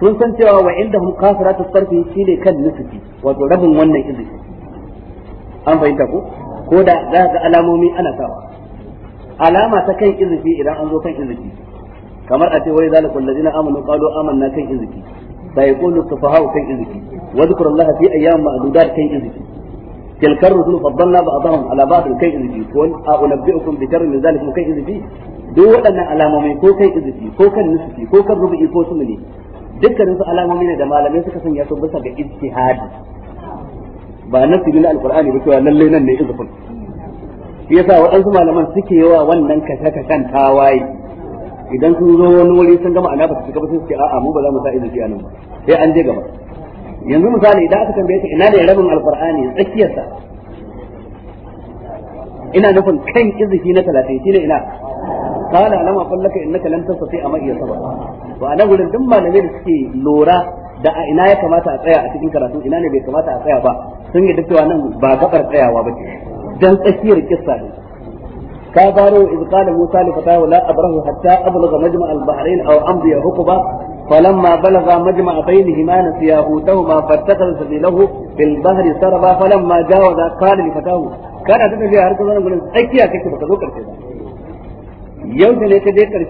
sun san cewa wa inda indahum qasiratu sarfi shine kan nufi wato rabin wannan izini an fahimta ko ko da za ga alamomi ana sawa alama ta kan izini idan an zo kan izini. kamar a ce wai zalikul ladina amanu qalu amanna kai izki sai yaqulu sufaha'u kai izki wa zikrullahi fi ayyam ma'dudat kai izki tilkar rusul faddalna ba'dahum ala ba'd kai izki qul a unabbi'ukum bi sharrin min zalikum kai izki duk waɗannan alamomi ko kai izki ko kan nisfi ko kan rubu'i ko sumuni dukkanin su alamomi ne da malamai suka sanya su bisa ga ijtihadi ba na nafi min alqur'ani ba cewa lalle nan ne izkun yasa waɗansu malaman suke yawa wannan kashe-kashen tawaye idan sun zo wani wuri sun gama ana ba su shiga ba sai ce a'a mu ba za mu sa izuki a nan ba sai an je gaba yanzu misali idan aka tambaye ka ina ne rabin alqur'ani tsakiyarsa ina nufin kan izuki na 30 shine ina qala alama fallaka innaka lam tastati amma iya sabr to anan gurin duk malamai da suke lura da a ina ya kamata a tsaya a cikin karatu ina ne bai kamata a tsaya ba sun yi duk cewa nan ba gabar tsayawa ba ce dan tsakiyar kissa ne كابروا إذ قال موسى لفتاه لا أبره حتى أبلغ مجمع البحرين أو أمضي حقبة فلما بلغ مجمع بينهما نسيا حوتهما فاتخذ سبيله في البحر سربا فلما جاوز قال لفتاه كان هذا في هذا الزمن يقول أي كيا كيك بتذوق الكذا يوم ذلك ذلك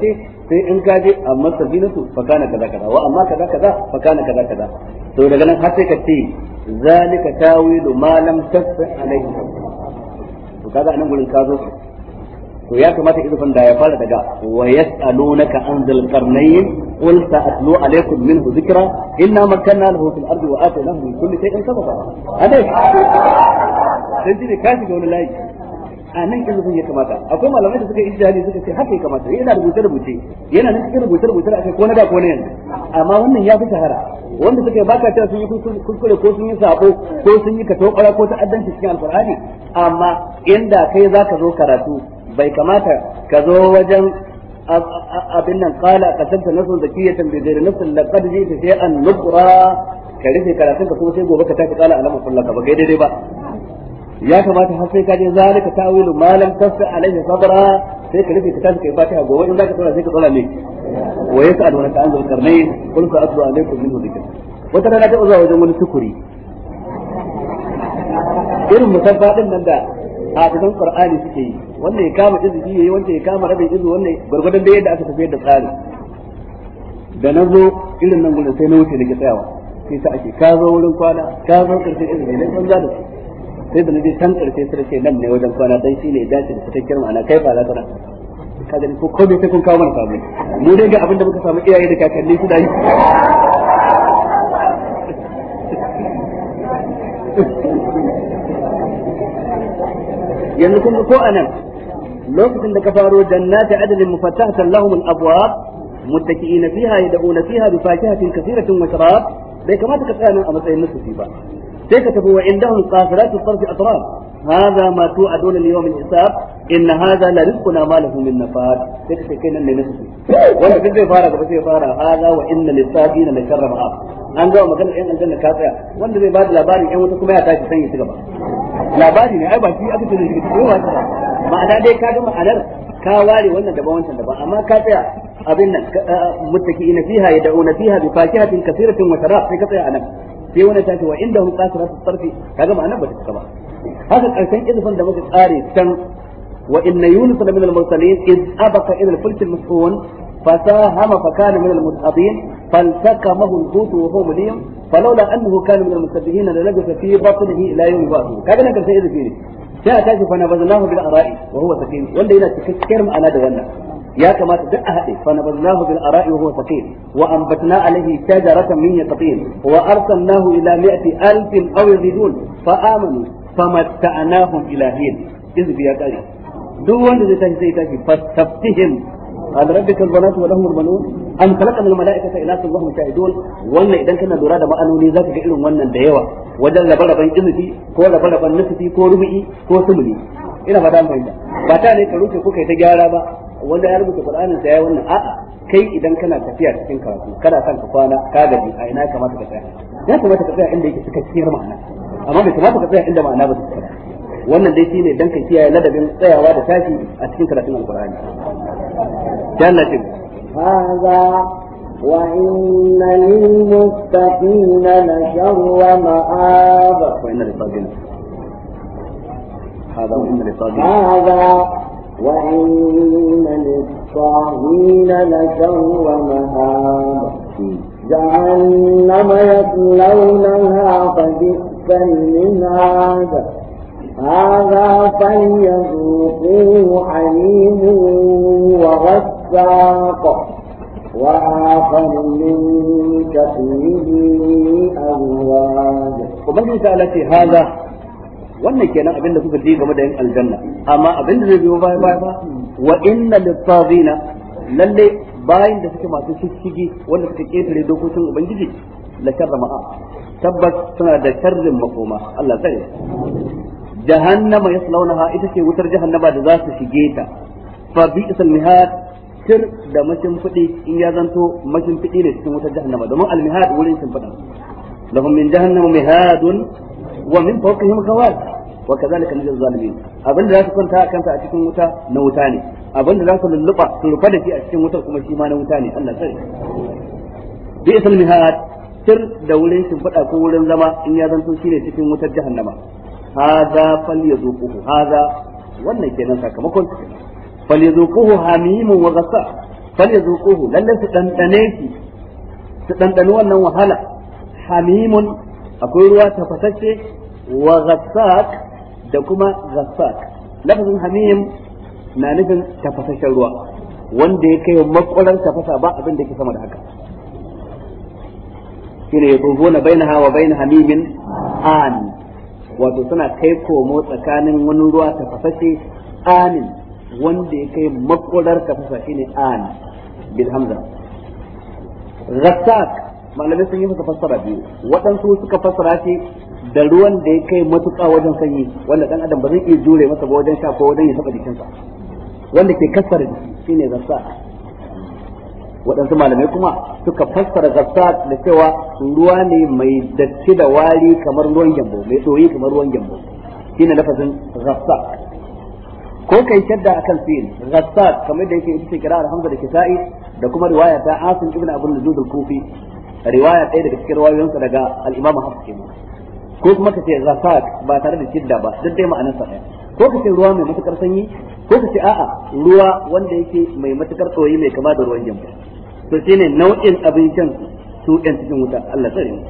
في إن كذا أما سبينة فكان كذا كذا وأما كذا كذا فكان كذا كذا تقول لنا حتى كتير ذلك تاويل ما لم تسع عليه وكذا أنا أقول الكذا to ya kamata izufin da ya fara daga wa yas'alunaka an dhil qarnayn qul sa'atlu alaykum minhu dhikra inna makanna lahu fil ardi wa atainahu min kulli shay'in sababa adai dan ji ka shiga wani layi a nan izufin ya kamata akwai malamai da suka yi ijtihadi suka ce haka ya kamata yana rubuce rubuce yana nan cikin rubuce rubuce akai ko na da ko na yanzu amma wannan ya fi shahara wanda suka yi baka cewa sun yi kuskure ko sun yi sabo ko sun yi katobara ko ta'addanci cikin alqur'ani amma inda kai zaka zo karatu bai kamata ka zo wajen abin nan qala qatanta nafsun zakiyatan bi ghairi nafsin laqad ji'ta shay'an nukra ka rufe karatun ka kuma sai gobe ka tafi qala alama kullaka ba gai daidai ba ya kamata har sai ka je zalika ta'wilu ma lam tasta alaihi sabra sai ka rufe ka tafi kai fatiha gobe in zaka tsara sai ka tsara ne wa yas'alu an ta'anzul karnayn qul fa atlu alaikum minhu dhikr wata rana ta zuwa wajen wani sukuri irin musabba din nan da hadisan qur'ani suke yi wanda ya kama izubi yayi wanda ya kama rabin izu wanda gurgurdan da yadda aka tafiyar da tsari da na zo irin nan gurin sai na wuce da ke tsayawa sai ta ake ka zo wurin kwana ka zo karshe irin ne nan da zada sai da na je san karshe sai ce nan ne wajen kwana dan shine ya dace da cikakken ma'ana kai ba za ka nan ka gani ko komai sai kun kawo mana samu mu dai ga abin da muka samu iyaye da kakanni su da yi yanzu kun ko anan lokacin da ka faro jannati adadin mufattahatan lahum al-abwab muttaki'ina fiha yad'una fiha bi fakihatin kathiratin wa sharab bai kamata ka tsaya nan a matsayin nasusi ba sai ka tafi wa indahum qasiratu tarfi atraf hadha ma tu aduna li yawmin hisab in hadha la rizquna ma lahu min nafad sai ta kai nan ne nasu wanda duk zai fara gaba sai fara hadha wa inna lisabina la sharra ma'a an ga magana ɗan aljanna ka tsaya wanda zai bada labarin ɗan wata kuma ya tashi sanya shi gaba labari ne ai ba shi aka tuna shi ko ba ma'ana dai ka ga ma'anar ka ware wannan daban wancan daban amma ka tsaya abin nan muttaki muttaki'ina fiha yad'una fiha bi fakihatin kathiratin wa sharab sai ka tsaya anan sai wani ta ce wa inda hum qasiratu sarfi kaga ma'anar ba ta ba هذا الآيتين إذا فند مكت آري كان وإن يونس من المرسلين إذ أبق إلى الفلك المسحون فساهم فكان من المسحبين فالتكمه الحوت وهو مليم فلولا أنه كان من المسبحين للبث في بطنه لا يوم بعده كذا نقل سيد فيه جاء تاج فنبذناه بالأراء وهو سكين ولا لا تكسكر أنا دولنا يا كما هذه فنبذناه بالأراء وهو سكين وأنبتنا عليه شجرة من يتقين وأرسلناه إلى مئة ألف أو يزيدون فآمنوا famatta'nahum ila hin izbi ya kare duk wanda zai tashi sai tashi fastaftihim قال ربك البنات ولهم البنون أم خلقنا الملائكة إناثا وهم شاهدون ولا إذا كنا da ma'anoni zaka ga irin wannan da yawa wajen labalaban izifi ko labalaban nisfi ko rubi'i ko sumuni ina ba ta fahimta ba ta ne ka rufe ta gyara ba wanda ya rubuta Qur'anin sa ya wannan a'a kai idan kana tafiya cikin karatu kana san ka kwana ka gaji a ina kamata ka tsaya ya kamata ka tsaya inda yake cikakkiyar ma'ana amma bai kamata ka tsaya inda na ba ta wannan dai shine dan kai tiya na dabin tsayawa da tashi a cikin karatun alqur'ani dan lati hadha wa inna lil mustaqina la sharra wa ma'ab wa inna lil sabirin هذا وإن للطاغين هذا وإن للطاغين لشر مآب جهنم يصلونها فبئس من هذا هذا فليذوقوه حميم وغساق وآخر من شكله أزواج وبني تعالى هذا wannan kenan abin da suka ji game da yin aljanna amma abin da zai biyo baya baya ba wa inna littazina lalle bayin da suke masu shishigi wanda suka ketare dokokin ubangiji la sharra ma'a tabbas suna da karrin makoma Allah tsare jahannama yaslaunaha ita ce wutar jahannama da za su shige ta fa bi'sal mihad sir da mashin fudi in ya zanto mashin fudi ne cikin wutar jahannama domin al mihad wurin shin fada min jahannama mihadun wa min fawqihim ghawar wa kadhalika najzil zalimin abinda za su kwanta a kanta cikin wuta na wuta ne abinda za su shi a cikin wutar kuma shi ma na wuta ne Allah tir da wurin fada ko wurin zama in ya zanto shine cikin wutar jahannama hada yazuquhu hada wannan kenan sakamakon fal yazuquhu hamimun wa ghassa yazuquhu lalle su dandane shi su dandane wannan wahala hamimun akwai ruwa tafasasshe wa ghassak da kuma ghassak lafazin hamim na nufin tafasasshen ruwa wanda ya kai makwarar tafasa ba abin da ke sama da haka shine yatufuna bainaha wa bain hamimin an wato suna kai komo tsakanin wani ruwa tafasashe anin wanda ya kai makular tafasa shine an bil hamza ghassak malamai sun yi masa fassara biyu waɗansu suka fassara shi da ruwan da ya kai matuƙa wajen sanyi wanda ɗan adam ba zai iya jure masa ba wajen sha ko wajen ya saba jikinsa wanda ke kasar shine ghassak waɗansu malamai kuma suka fassara gafsa da cewa ruwa ne mai datti da wari kamar ruwan gyambo mai tsoyi kamar ruwan gyambo shi ne lafazin gafsa ko kai shadda akan sin gafsa kamar da yake yi cikin kira alhamdu da kisa'i da kuma riwaya ta asin ibn abin da zuzul kufi riwaya ɗaya daga cikin riwayoyinsa daga al-imam ko kuma ka ce gafsa ba tare da shidda ba duk dai ma'anarsa ɗaya ko ka ce ruwa mai matukar sanyi ko ka ce a'a ruwa wanda yake mai matukar tsoyi mai kama da ruwan gyambo to shine nau'in abincin su ɗan cikin wuta Allah tsare mu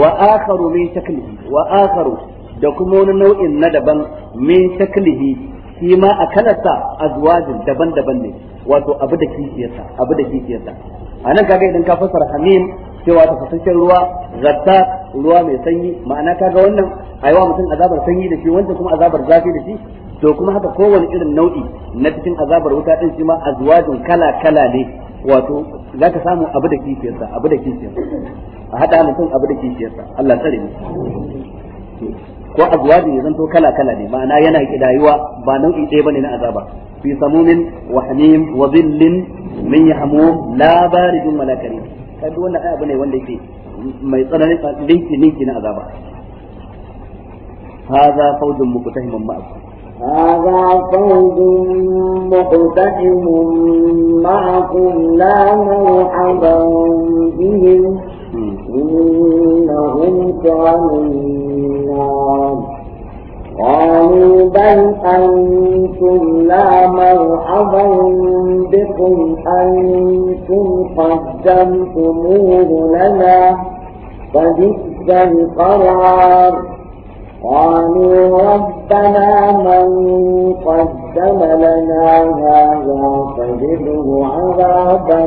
wa akharu min taklihi wa akharu da kuma wani nau'in na daban min taklihi shi ma a kalarsa azwajin daban-daban ne wato abu da kishiyarsa abu da kishiyarsa a nan kaga idan ka fassara hamim cewa ta tafasasshen ruwa zatta ruwa mai sanyi ma'ana kaga wannan aiwa mutum azabar sanyi da shi wanda kuma azabar zafi da shi to kuma haka kowane irin nau'i na cikin azabar wuta din shi ma azwajin kala-kala ne wato za ka samu abu da kishiyarsa abu da kishiyarsa a haɗa mutum abu da kishiyarsa Allah tsare mu ko azwaji ya zanto kala kala ne ma'ana yana kidayuwa ba nau'i ɗaya bane na azaba fi samumin wa hamim wa dhillin min yahmum la baridun wala karim kaga wannan abu ne wanda yake mai tsananin linki linki na azaba hadha fawzun muqtahimun ma'akum هذا فوج مقتحم معكم لا مرحبا بهم إنهم كرمنا قالوا بل أنتم لا مرحبا بكم أنتم قدمتموه لنا فبئس القرار قالوا رب ربنا من قدم لنا هذا فجده عذابا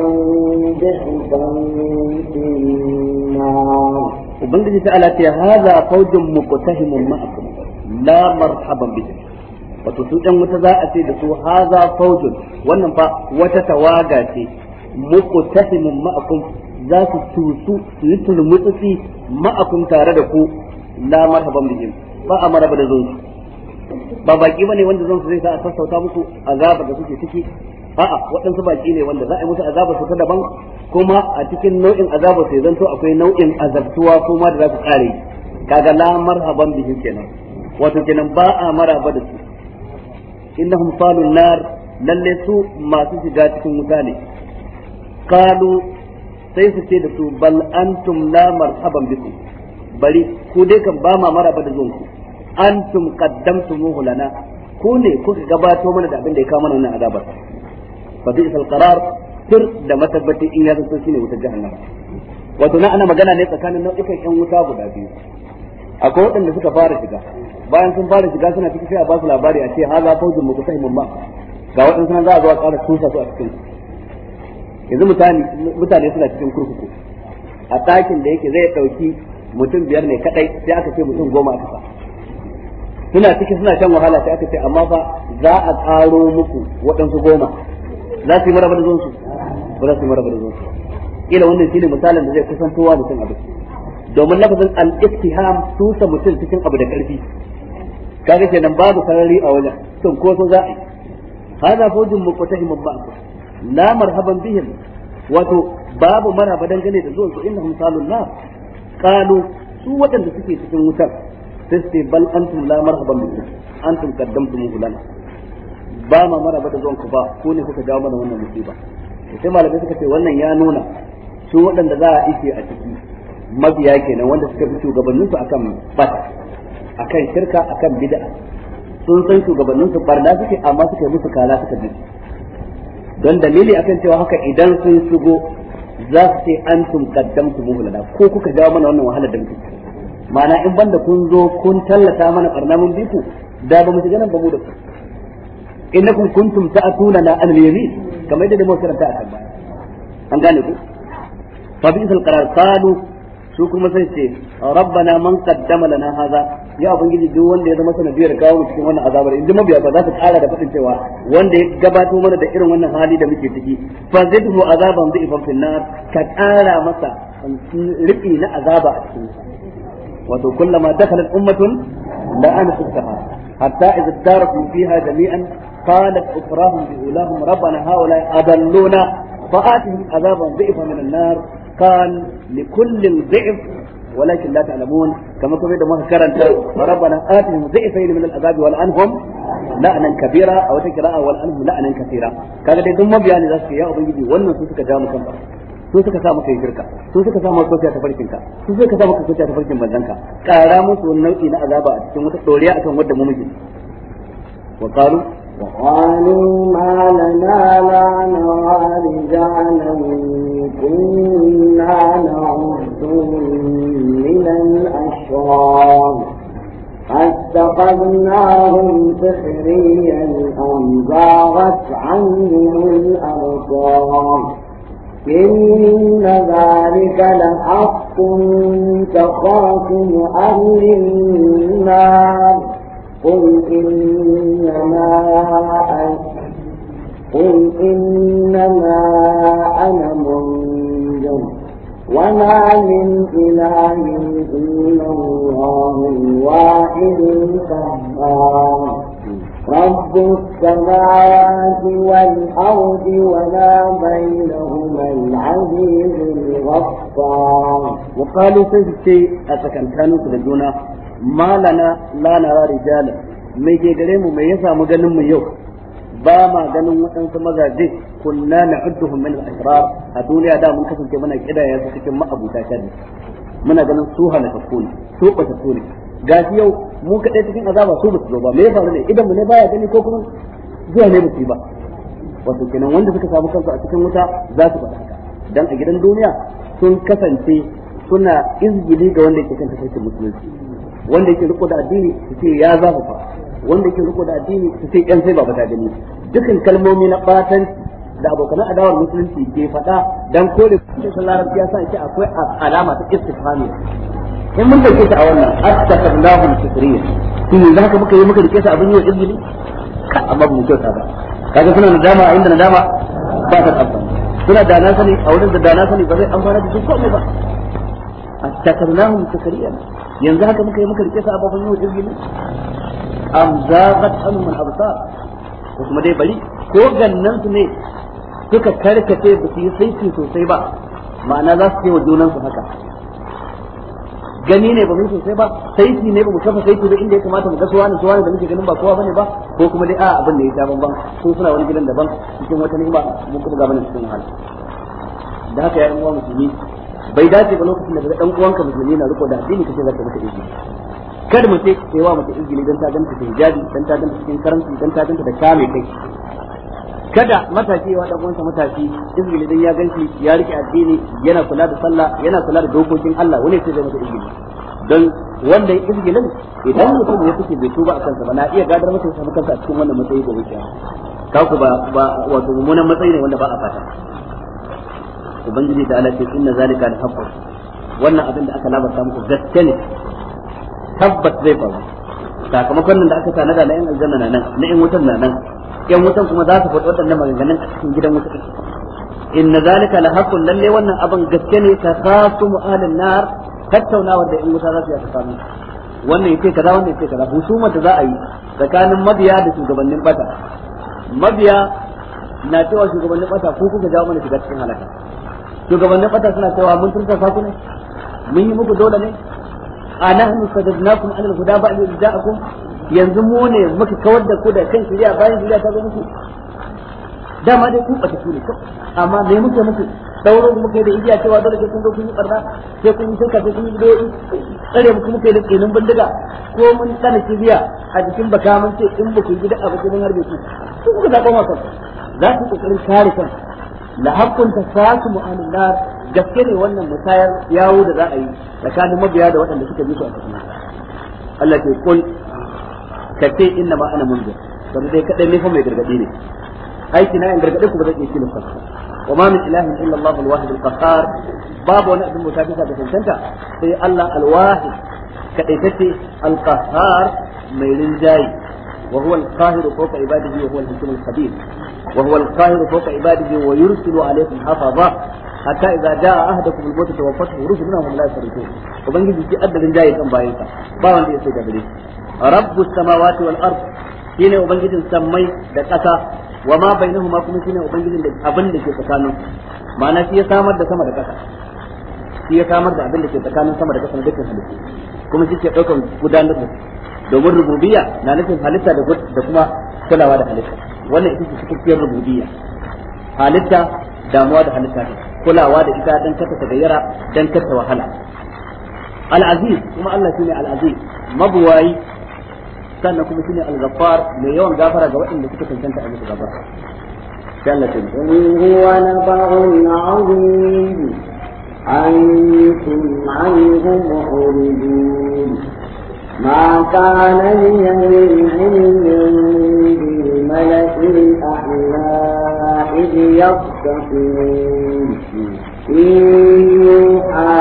ضعفا في النار وبنجي تعالى هذا فوج مقتهم معكم لا مرحبا بكم wato su ɗan wuta za ce da su haza wannan fa wata tawaga ce za su tusu su yi tulmutsi tare da ku la marhaban bihim ba a maraba da zuwa ba baki bane wanda zan su zai sa a sassauta musu azaba da suke ciki a'a waɗansu baki ne wanda za a yi musu azaba su ta daban kuma a cikin nau'in azaba sai zanto akwai nau'in azabtuwa kuma da za su kare kaga la marhaban bihi kenan wato kenan ba a maraba da su innahum salun nar lalle su masu shiga cikin wuta ne qalu sai su ce da su bal antum la marhaban bikum bari ku dai kan ba ma maraba da zuwanku antum qaddamtumuhu lana ku ne kuka gabato mana da abin da ya kawo mana wannan azabar fa bi al qarar sir da matabbati in ya zo shine wutar jahannama wato na ana magana ne tsakanin nau'ikan yan wuta guda biyu akwai waɗanda suka fara shiga bayan sun fara shiga suna cikin sai a ba su labari a ce haza mu kusa ma ga waɗansu nan za a zo a ƙara tusa su a cikin yanzu mutane suna cikin kurkuku a ɗakin da yake zai ɗauki mutum biyar ne kaɗai sai aka ce mutum goma aka sa suna ciki suna shan wahala sai aka ce amma fa za a karo muku waɗansu goma za su yi maraba da zonsu ba za su yi maraba da zonsu ila wannan shine misalin da zai kusantowa mutum abu domin lafazin al-iftiham tusa mutum cikin abu da karfi kaga kenan babu sarari a wajen sun ko sun za a yi hada fojin ba ku la marhaban bihim wato babu maraba dangane da zuwan su innahum salun na. qalu su waɗanda suke cikin wutar sai bal antum la marhaban bi antum qaddamtum lana ba ma maraba da zuwan ku ba ko ne kuka jawo mana wannan musiba sai malamai suka ce wannan ya nuna su waɗanda za a ishe a ciki mabiya kenan wanda suka fi su akan bata akan shirka akan bid'a sun san shugabanninsu barna suke amma suka yi musu kala suka bi don dalili akan cewa haka idan sun shigo za su ce antum qaddamtum mu lana ko kuka jawo mana wannan wahala da muke ma'ana in banda kun zo kun tallata mana barna mun bi ku da ba mu shiga nan ba mu da ku innakum kuntum ta'tuna na an yamin kamar yadda mu karanta a kan an gane ku fa bi isal qarar qalu su kuma sai ce rabbana man qaddama lana hadha ya ubangiji duk wanda ya zama sanadiyar kawo mu cikin wannan azabar in mabiya ba za su kara da fadin cewa wanda ya gabato mana da irin wannan hali da muke ciki fa zidhu azaban bi fa finnar ka kara masa ribi na azaba a cikin wato kullama dakhalat ummatun la'ana uktaha hatta idza daraku fiha jami'an qalat ukrahum bi ulahum rabbana haula adalluna fa'atihim azaban dhi'fa min an-nar qal likullin dhi'f ولكن لا تعلمون كما كما يدى مهر كرنت ربنا آتهم ضعفين من العذاب والأنهم لعنا كبيرا أو تكراء والأنهم لعنا كثيرا كذا دي دم بيان ذلك يا أبن جدي ونسوسك جامكم بخير su suka sa maka shirka su suka sa maka kwaciya ta farkinka ka su suka sa maka kwaciya ta farkin bandan kara musu wani nau'i na azaba a cikin wata doriya akan wadda mu muke wa qalu وقالوا ما na la نرى رجالا كنا نعدهم na الأشرار فاتخذناهم سخريا أم زاغت عنهم الأبصار إن ذلك لحق تخاصم أهل النار قل إنما قل إنما أنا منذر وما من إله إلا الله الواحد القهار رب السماوات والأرض وما بينهما العزيز الغفار وقالوا سجدتي أتكن كانوا سجدونا ما لنا لا نرى رجالا mai ke gare mu mai ya samu ganin mu yau ba ma ganin waɗansu mazaje kunna na udduhum min al-ashrar a duniya da mun kasance muna kidaya su cikin ma'abuta shari ganin ga shi yau mu kaɗai cikin azaba su basu zo ba me ya faru ne idan mu ne baya gani ko kuma zuwa ne musu ba wato kenan wanda suka samu kansu a cikin wuta za su faɗa haka dan a gidan duniya sun kasance suna izgili ga wanda yake kanta tafarkin musulunci wanda yake riko da addini su ce ya zafafa wanda yake riko da addini su ce yan sai ba ta gani dukan kalmomi na batanci da abokan adawar musulunci ke faɗa dan kore su ce sun larabci ya sa ake akwai alama ta istifami. in mun dauke ta a wannan attaqallahu sukriya in za ka muka yi muka dauke ta abin yau izini ka amma mu kyauta ba kaga suna nadama inda nadama ba ta tsabba suna da na sani a wurin da da na sani ba zai amfana da su ko ba attaqallahu sukriya yanzu haka muka yi muka dauke ta abin yau izini am zaqat anhum al-absar ko kuma dai bari ko gannan su ne suka karkace ba su yi saiti sosai ba ma'ana za su yi wa junansu haka gani ne ba mu sosai ba saiti ne ba mu kafa saiti ba inda ya kamata mu ga suwa ne suwa ne da muke ganin ba kowa bane ba ko kuma dai a abin da ya ta banban ko suna wani gidan daban cikin wata ni'ima mu kuma ga bane cikin hali da haka ya uwa musulmi bai dace ba lokacin da dan uwanka musulmi na riko da addini kace zaka mutu izini kada mu sai kai wa mutum izini dan ta ganta da hijabi dan ta ganta cikin karanci dan ta ganta da kame kai kada matashi wa dan uwansa matashi izgili dan ya ganshi ya rike addini yana kula da sallah yana kula da dokokin Allah wani sai zai masa izgili dan wanda ya izgilin idan mutum ya fice bai tuba akan sa ba na iya gadar masa sa kansa a cikin wannan matsayi gobe kiyama kaku ba ba wato mummunan matsayi ne wanda ba a fata ubangiji da ala ce inna zalika al haqqu wannan abin da aka labarta muku gaske ne tabbat zai faru sakamakon nan da aka tanada na yan aljanna na nan na yan wutan na nan yan wutan kuma za su faɗi waɗannan maganganun a cikin gidan wuta inna zalika la haqqun lalle wannan abin gaske ne ka khasum ahlan nar tattaunawar da yan wuta za su yi tsakanin wannan yace kaza wannan yace kaza husumar da za a yi tsakanin mabiya da shugabannin bata mabiya na cewa shugabannin bata ko kuka jawo mana shiga cikin halaka shugabannin bata suna cewa mun turta saku ne mun yi muku dole ne a nahnu sadadnakum ala al-huda ba'da idh ja'akum yanzu mu ne muka kawar da ku da kan shirya bayan shirya ta zo muku dama dai ku bata ne amma me muke muku dauro muka yi da igiya cewa dole sai kun zo kun yi barna sai kun yi shirka sai kun yi bidoyi tsare muku muke yi da tsinin bindiga ko mun tsana kibiya a cikin baka mun ce in ba ku gida a cikin mun harbe ku sun kuka zaɓa masu za ku kokarin kare kan la haqqun tasaqu mu'amalat gaske ne wannan musayar yawo da za a yi tsakanin mabiya da waɗanda suka bi su a cikin Allah ke kul ka ce inna ma ana munzir dan dai kadai ne fa mai gargadi ne aiki na in gargadi ku ba zai iya kilin kanka wa ma min ilahin illa Allah al-wahid al-qahhar babu wani abin bauta bisa da tantanta sai Allah al-wahid kadai tace al-qahhar mai rinjayi وهو القاهر فوق عباده وهو الحكيم الخبير وهو القاهر فوق عباده ويرسل عليكم حتى جاء الموت توفته لا وبنجي جاي rabbus samawati wal ard shine ubangijin sammai da ƙasa wa ma bainahuma kuma shine ubangijin da abin da ke tsakanin ma'ana shi samar da sama da ƙasa shi samar da abin da ke tsakanin sama da ƙasa na dukkan halittu kuma shi ke ɗaukar gudanar da domin na nufin halitta da kuma kulawa da halitta wannan ita ce cikakkiyar rububiyya halitta damuwa da halitta da ita dan dan wahala al kuma Allah ne al mabuwayi sannan kuma shine al-ghaffar mai yawan gafara ga waɗanda suka tantance a musu gafara sai Allah ya ce huwa naba'un 'azim antum 'anhu mu'ridun ما كان لي من علم بالملك الأعلى إذ يختصمون إن يوحى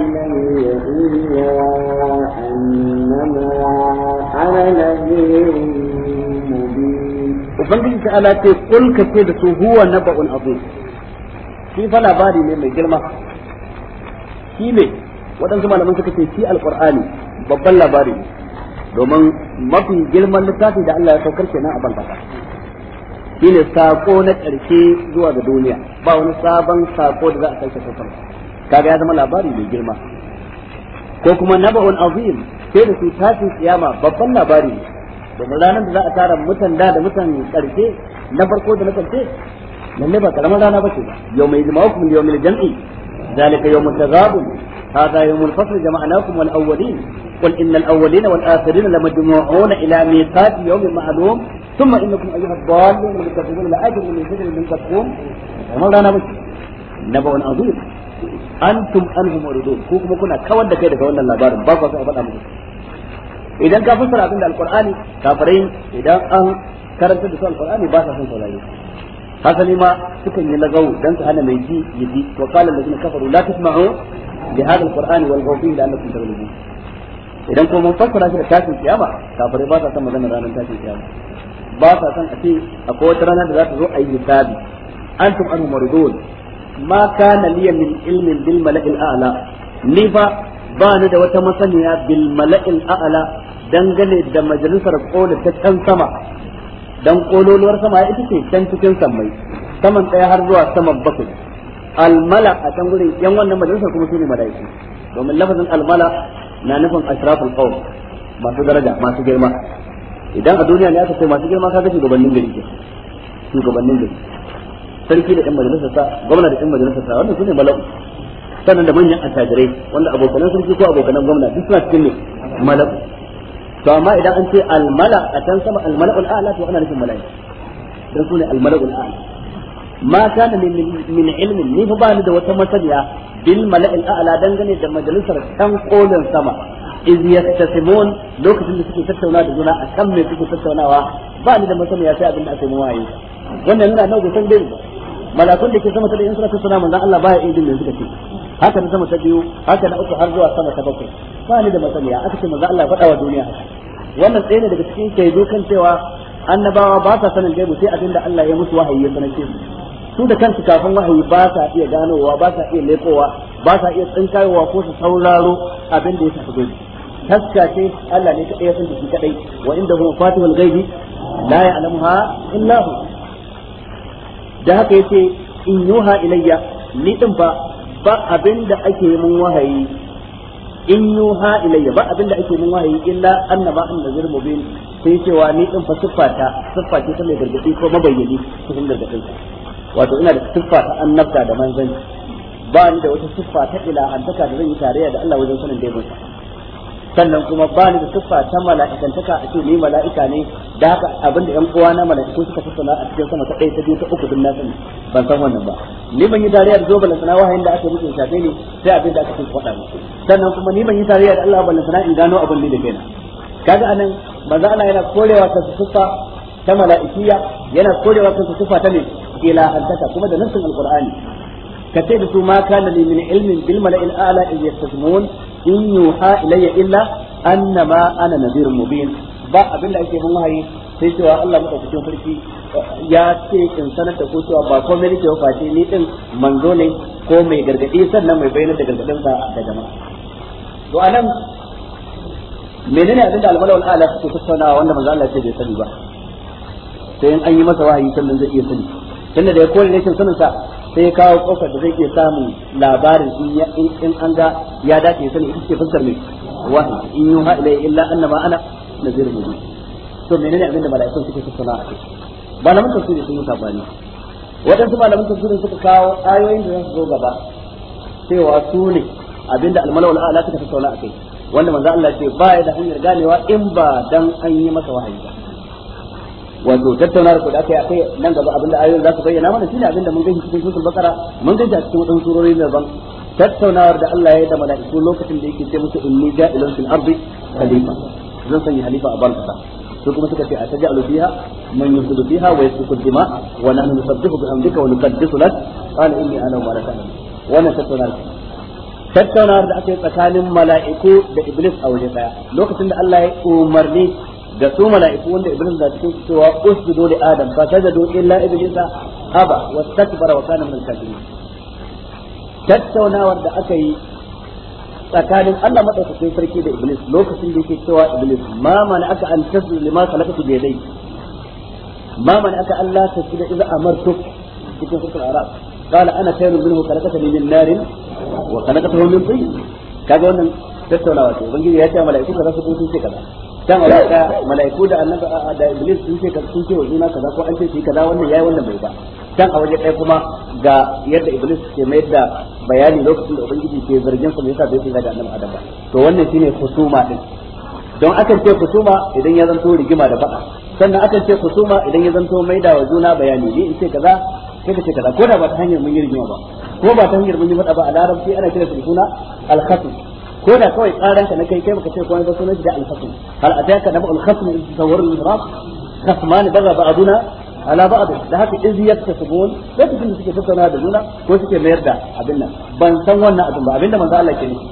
إلي إلا Ubangiji ta ala ce kul ka ce da su huwa na ba'un abu shi fa labari ne mai girma shi ne waɗansu malaman suka ce shi al'ƙur'ani babban labari ne domin mafi girman littafi da Allah ya saukar kenan a ban shi ne sako na ƙarshe zuwa ga duniya ba wani sabon sako da za a sake saukar kaga ya zama labari mai girma ko kuma naba'un azim sai da su tashin kiyama babban labari domin ranar da za a tara mutan da da mutan karshe na farko da na karshe lalle ba karamar rana ba bace ba yawma yajma'ukum yau mai jam'i zalika yau mun yawmut taghabun hadha yawmul fasl jama'nakum wal awwalin qul innal awwalina wal akhirin lamajmu'una ila miqat yawmin ma'lum thumma innakum ayyuha ad-dallun al-mukaththibun la ajrun min shajrin min kaththum karamar rana bace naba'un azim antum anhum muridun ko kuma kuna kawar da kai daga wannan labarin ba ku san faɗa muku idan ka fassara abin da alqur'ani kafirai idan an karanta da su alqur'ani ba sa son saurare hasali ma sukan yi lagau dan su hana mai ji yaji wa qala allazina kafaru la tasma'u li hadha alqur'ani wal ghawfi la'allakum taghlibun idan kuma mun fassara shi da tashin kiyama kafirai ba sa son magana ranar tashin kiyama ba sa son a ce akwai wata rana da za ta zo a yi hisabi antum anhum muridun ma kana liya min ilmin bil mala'il a'la ni fa ba ni da wata masaniya bil mala'il a'la dangane da majalisar kola ta can sama dan kololuwar sama ita ce can cikin sammai saman ɗaya har zuwa saman bakwai almala a can gurin yan wannan majalisar kuma sune mala'iku domin lafazin almala na nufin ashraful qawm masu daraja masu girma idan a duniya ne aka ce masu girma kaga shugabannin gari ke shugabannin gari sarki da ɗan majalisar sa gwamna da ɗan majalisar sa su ne mala'u sannan da manyan attajirai wanda abokanan sarki ko abokanan gwamna duk suna cikin ne mala'u to amma idan an ce almala a can sama almala'ul a'la to ana nufin mala'i dan sune almala'ul a'la ma kana min ilmin ni fa bani da wata masaniya bil mala'il a'la dangane da majalisar kan kolin sama iz yaktasimun lokacin da suke tattauna da juna akan me suke tattaunawa ba ni da masaniya sai abin da aka yi waye wannan yana nan gusan dai malakun da ke sama ta da in suna suna manzon Allah baya injin da suka ce haka na sama ta biyu haka na uku har zuwa sama ta bakwai ba ni da masaniya aka ce manzon Allah faɗa wa duniya haka wannan tsaye ne daga cikin shaidu kan cewa annabawa ba sa sanin gaibu sai abin da Allah ya musu wahayi ya sanace su su da kansu kafin wahayi ba sa iya ganowa ba sa iya lekowa ba sa iya tsinkayowa ko su sauraro abin da ya shafi gaibi taska ce Allah ne kadai ya san shi kadai wa inda hum fatihul ghaibi la ya'lamuha illa hu da haka yace in yuha ilayya ni din ba ba abinda ake mun wahayi in yuha ilayya ba abinda ake mun wahayi illa annaba an nazir mubin sai cewa ni din fa siffata siffa ta mai gargadi ko mabayyani cikin gargadin wato ina da siffa ta annabta da manzanci ba ni da wata siffa ta ilahantaka da zan yi tarayya da Allah wajen sanin daibinsa sannan kuma ba ni da siffa ta mala'ikantaka a ce ni mala'ika ne da haka abin da yan uwa na mala'iku suka tattauna a cikin sama ta ɗaya ta biyu ta uku din sani ban san wannan ba ni ban yi tarayya da zo balan sana wahayin da aka yi musu shafe ne sai abin da aka ce faɗa musu sannan kuma ni ban yi tarayya da Allah balan sana in gano abin ne da kaina kaga anan manzo Allah yana korewa ta siffa ta mala'ikiya yana korewa ta siffa ta ne ilahantaka kuma da nassin alqur'ani kace da su ma kana li min ilmin bil mala'il a'la iz yastasmun in yuha ilayya illa annama ana nadhirun mubin ba abinda ake mun wahayi sai cewa Allah madaukakin sarki eh, ya ce in sanar da ku cewa ba komai nake ba ce ni din manzo ne ko mai gargadi sannan mai bayyana da gargadin sa da jama'a to anan menene abinda al-mala ala suke tattauna wanda manzo Allah ce bai sani ba sai in an yi masa wahayi sannan zai iya sani tunda da ya kore ne sanin sa sai ya kawo kofar da zai iya samun labarin in an ga ya dace sani ita ce fassar mai wahi in yi yuha ilayya illa an annama ana nazirun mubin to menene abin da mala'ikun suke tattauna a kai malaman tafsiri sun yi sabani waɗansu malaman tafsirin suka kawo ayoyin da za su zo gaba cewa su ne abinda almalawal ala suka sassauna a kai wanda manzo Allah ce ba ya da hanyar ganewa in ba dan an yi masa wahayi ba wato tattaunawar ku da aka yi akai nan gaba abinda ayoyin za su bayyana mana shine abinda mun gani cikin suratul baqara mun gani a cikin wadannan surori na ban tattaunawar da Allah ya yi da mala'iku lokacin da yake ce musu inni ja'ilun fil ardi khalifa zan sanya halifa a ban kasa su kuma suka ce a taja fiha man yufsidu fiha wa yasfiku dima wa nahnu nusabbihu bihamdika wa nuqaddisu lak qala inni ana wa la wannan tattaunawar tattaunawar da aka yi tsakanin mala'iku da iblis a waje daya lokacin da Allah ya umarni da su mala'iku wanda iblis da cikin su cewa usjudu li adam fa sajadu illa iblisa aba wastakbara wa kana min al-kafirin tattaunawar da aka yi tsakanin Allah madaukakin sarki da iblis lokacin da yake cewa iblis ma mana aka an tasu lima salakatu bi yadai ma mana aka Allah ta da idza amartuk cikin sura al-arab qala ana khairun minhu khalaqatani min narin wa khalaqatahu min tin kaga wannan tattaunawa ce ubangiji ya ce mala'iku ka za su kuntu ce kaza dan Allah da malaiku da annabi da iblis sun ce ka sun ce wa juna kaza ko an ce shi kaza wannan yayi wannan bai ba dan a waje ɗaya kuma ga yadda iblis ke mai da bayani lokacin da ubangiji ke zargin sa me yasa bai tsira da annabi adam ba to wannan shine kusuma din don akan ce kusuma idan ya zanto rigima da faɗa sannan akan ce kusuma idan ya zanto mai da wa juna bayani ni in ce kaza sai ka ce kaza ko da ba ta hanyar mun yi rigima ba ko ba ta hanyar mun yi faɗa ba a larabci ana kira su kusuna al ko da kawai tsaran ka na kai kai baka ce komai ba sunan shi da al-khasm hal ataka nabu al-khasm in tasawwara al-mihrab khasman baga ba'duna ala ba'd da haka iz yaktasubun sai suke tattauna da juna ko suke mayar da abin nan ban san wannan abin ba abinda manzo Allah ke nufi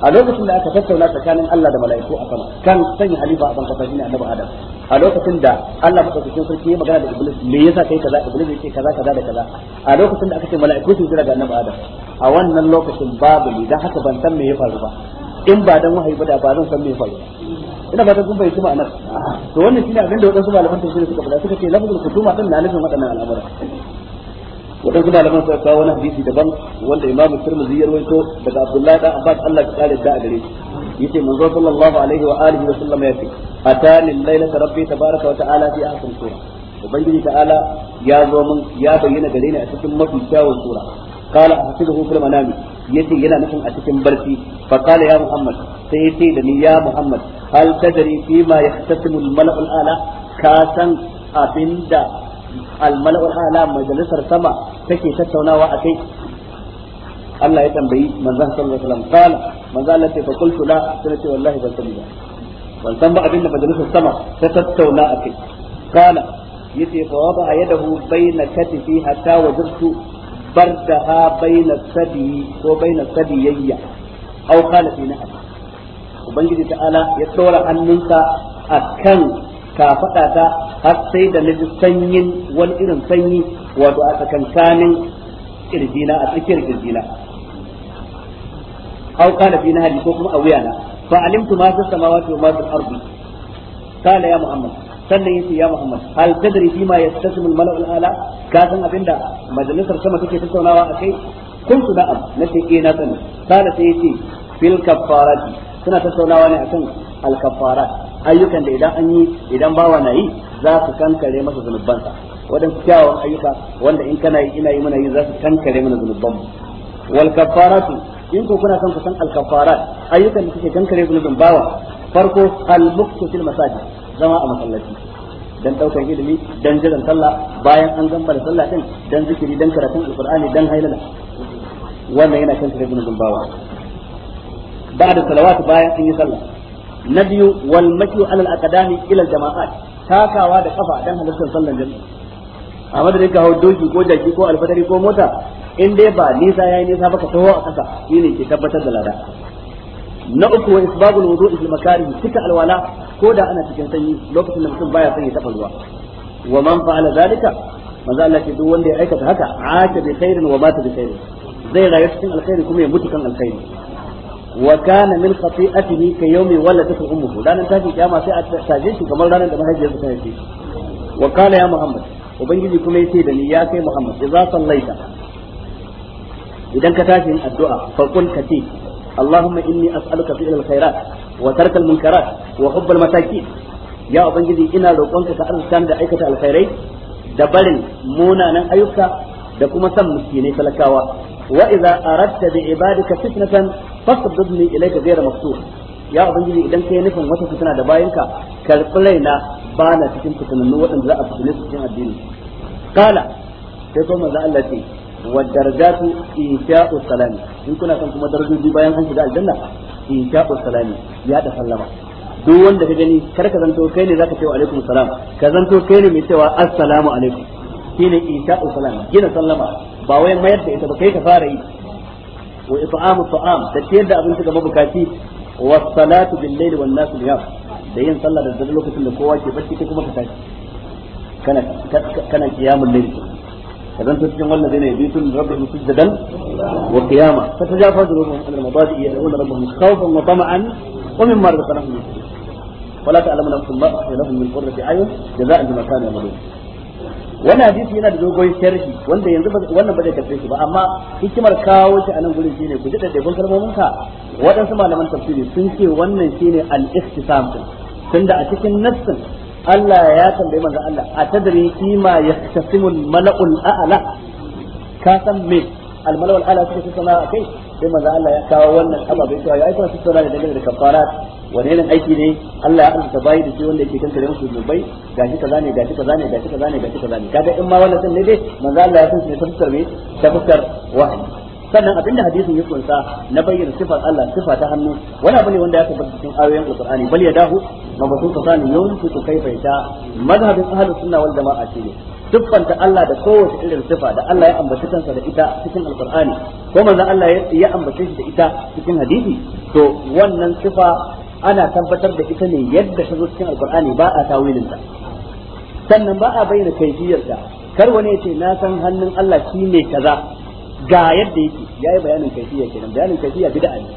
a lokacin da aka tattauna tsakanin Allah da mala'iku a sama kan sanya halifa a bankasa shine annabi Adam a lokacin da Allah madaukakin sarki ya magana da Iblis me yasa kai kaza Iblis yake kaza kaza da kaza a lokacin da aka ce mala'iku sun jira ga annabi Adam a wannan lokacin babu ni dan haka ban san me ya faru ba in ba dan wahayi ba da ba zan san me ya faru ina fatan kun bai tuma anan to wannan shine abin da wadansu malaman tafsiri suka faɗa suka ce lafazul kutuma din na nufin waɗannan al'amura wadansu malaman suka kawo wani hadisi daban wanda imamu tirmidhi ya rawaito daga abdullahi dan abbas Allah ya kare da gare shi yace manzo sallallahu alaihi wa alihi wa sallam ya ce atani lailata rabbi tabaraka wa ta'ala fi ahsan sura ubangiji ta'ala ya zo mun ya bayyana gare ni a cikin mafi kyawun sura a yana nufin قال أحسده في المنام ya ينا نكون أتكم برسي فقال يا محمد سيتي لني يا محمد هل تدري فيما يختتم الملأ الأعلى كاسا أبندا almala'ul ala majalisar sama take tattaunawa akai Allah ya tambayi manzon sallallahu alaihi wasallam qala manzon Allah sai fa qultu la sai ce wallahi ban sani ba ban san ba abin da majalisar sama ta tattauna akai qala yace fa wada yadahu baina katifi hatta wajadtu bardaha baina sadi ko baina sadiyayya aw qala fi nahar ubangiji ta'ala ya tsora hannunsa akan kafada ta har sai da ji sanyin wani irin sanyi wato a tsakankanin kirjina a tsakiyar kirjina aw kana fi hali ko kuma a wuyana fa alimtu ma fi samawa wa ma fi ardi ya muhammad sannan yace ya muhammad hal tadri fi ma yastasimu al mala'u al ala ka san abinda majalisar sama take tattaunawa akai kuntu na'am nace eh na sani kala sai yace fil kaffarati suna tattaunawa ne akan al kaffarat ayyukan da idan an yi idan bawa na yi za su kankare masa zunubansa waɗansu kyawawan ayyuka wanda in kana yi ina yi muna yi za su kankare mana zunubanmu wal kafaratu in ko kuna son ku san al kafarat ayyukan da suke kankare zunubin bawa farko al muktu fil masajid zama a masallaci dan daukan ilimi dan jiran sallah bayan an gamba da sallah din dan zikiri dan karatun alqur'ani dan hailala wannan yana kankare zunubin bawa بعد الصلوات بايع في صلى نبي والمشي على الأقدام إلى الجماعات takawa da kafa dan halartar sallar jami'a. a madadin ka hau doki ko jaki ko alfadari ko mota in dai ba nisa yayi nisa baka taho a kasa shine ke tabbatar da lada na uku wa isbabul wudu'i fil makarih cika alwala ko da ana cikin sanyi lokacin da mutum baya sanya ya ruwa wa man fa'ala zalika manzo Allah ce duk wanda ya aikata haka aata bi khairin wa mata bi khairin zai rayu cikin alkhairi kuma ya mutu kan alkhairi wa kana min khati'atihi ka yawmi waladatu ummuhu ranar tashin kiyama sai a taje shi kamar ranar da mahaifiyar ta haife shi wa kana ya muhammad ubangiji kuma yace da ni ya kai muhammad idza sallaita idan ka tashi yin addu'a fa kun kace allahumma inni as'aluka fi'l alkhairat wa wa ya ina roƙonka ka arzuta da aikata alkhairai da barin munanan ayyuka da kuma san miskinai talakawa wa a aradta bi ibadika fitnatan fasabdudni ilayka ghayra maftur ya ubangiji idan kai nufin wata fitina da bayanka karbi raina ba na cikin fitinannu waɗanda za a fitine su cikin addini kala sai kuma manzo Allah ce wa darajatu isha'u Salam in kuna son kuma darajoji bayan an shiga aljanna isha'u Salam ya da sallama duk wanda ka gani kar ka zanto kai ne zaka ce wa alaikum salam ka zanto kai ne mai cewa assalamu alaikum shine isha'u salam gina sallama ba wai mayar da ita ba kai ka fara yi wa it'amu ta'am da ciyar da abinci ga mabukaci wa salatu bil layli wan nas niyam da yin sallah da dare lokacin da kowa ke bacci kai kuma ka tashi kana kana qiyamul layl ka zanto cikin wannan zai ne bi sun ولا تعلم نفس ما لهم من قرة اعين جزاء بما كانوا يعملون wannan hadisi yana da dogon sharhi wanda yanzu wannan ba zai tafi shi ba amma hikimar kawo shi a nan gurin shine ku ji da daifin kalmomin ka waɗansu malaman tafsiri sun ce wannan shine al al'isti din tunda a cikin nassin Allah ya tambayi manzo Allah a tadri kima mun mala'ul a'la ka san me al a'la suka ce a kai sai Allah ya kawo wannan ababai cewa ya aika su sana da dangane da kafarat wani irin aiki ne Allah ya arzuta bayi da shi wanda yake kankare musu zunubai gashi kaza ne gashi kaza ne gashi kaza ne gashi kaza ne kaga in ma wannan din ne dai manzo Allah ya san shi ne tafsir me tafsir wahayi sannan abinda hadisin ya kunsa na bayyana sifar Allah sifa ta hannu wani abu ne wanda ya tabbata cikin ayoyin Qur'ani bal ya dahu yadahu mabsuutatan yunfiqu kayfa yasha madhhabin ahlus sunna wal jamaa shine siffanta Allah da kowace irin sifa da Allah ya ambaci kansa da ita cikin al alkur'ani ko manzon Allah ya ambace shi da ita cikin hadisi to wannan sifa ana tabbatar da ita ne yadda ta zo cikin alkur'ani ba a tawilin ta sannan ba a bayyana kaifiyar ta kar wani ya ce na san hannun Allah shi ne kaza ga yadda yake yayi bayanin kaifiyar kenan bayanin kaifiyar bid'a ne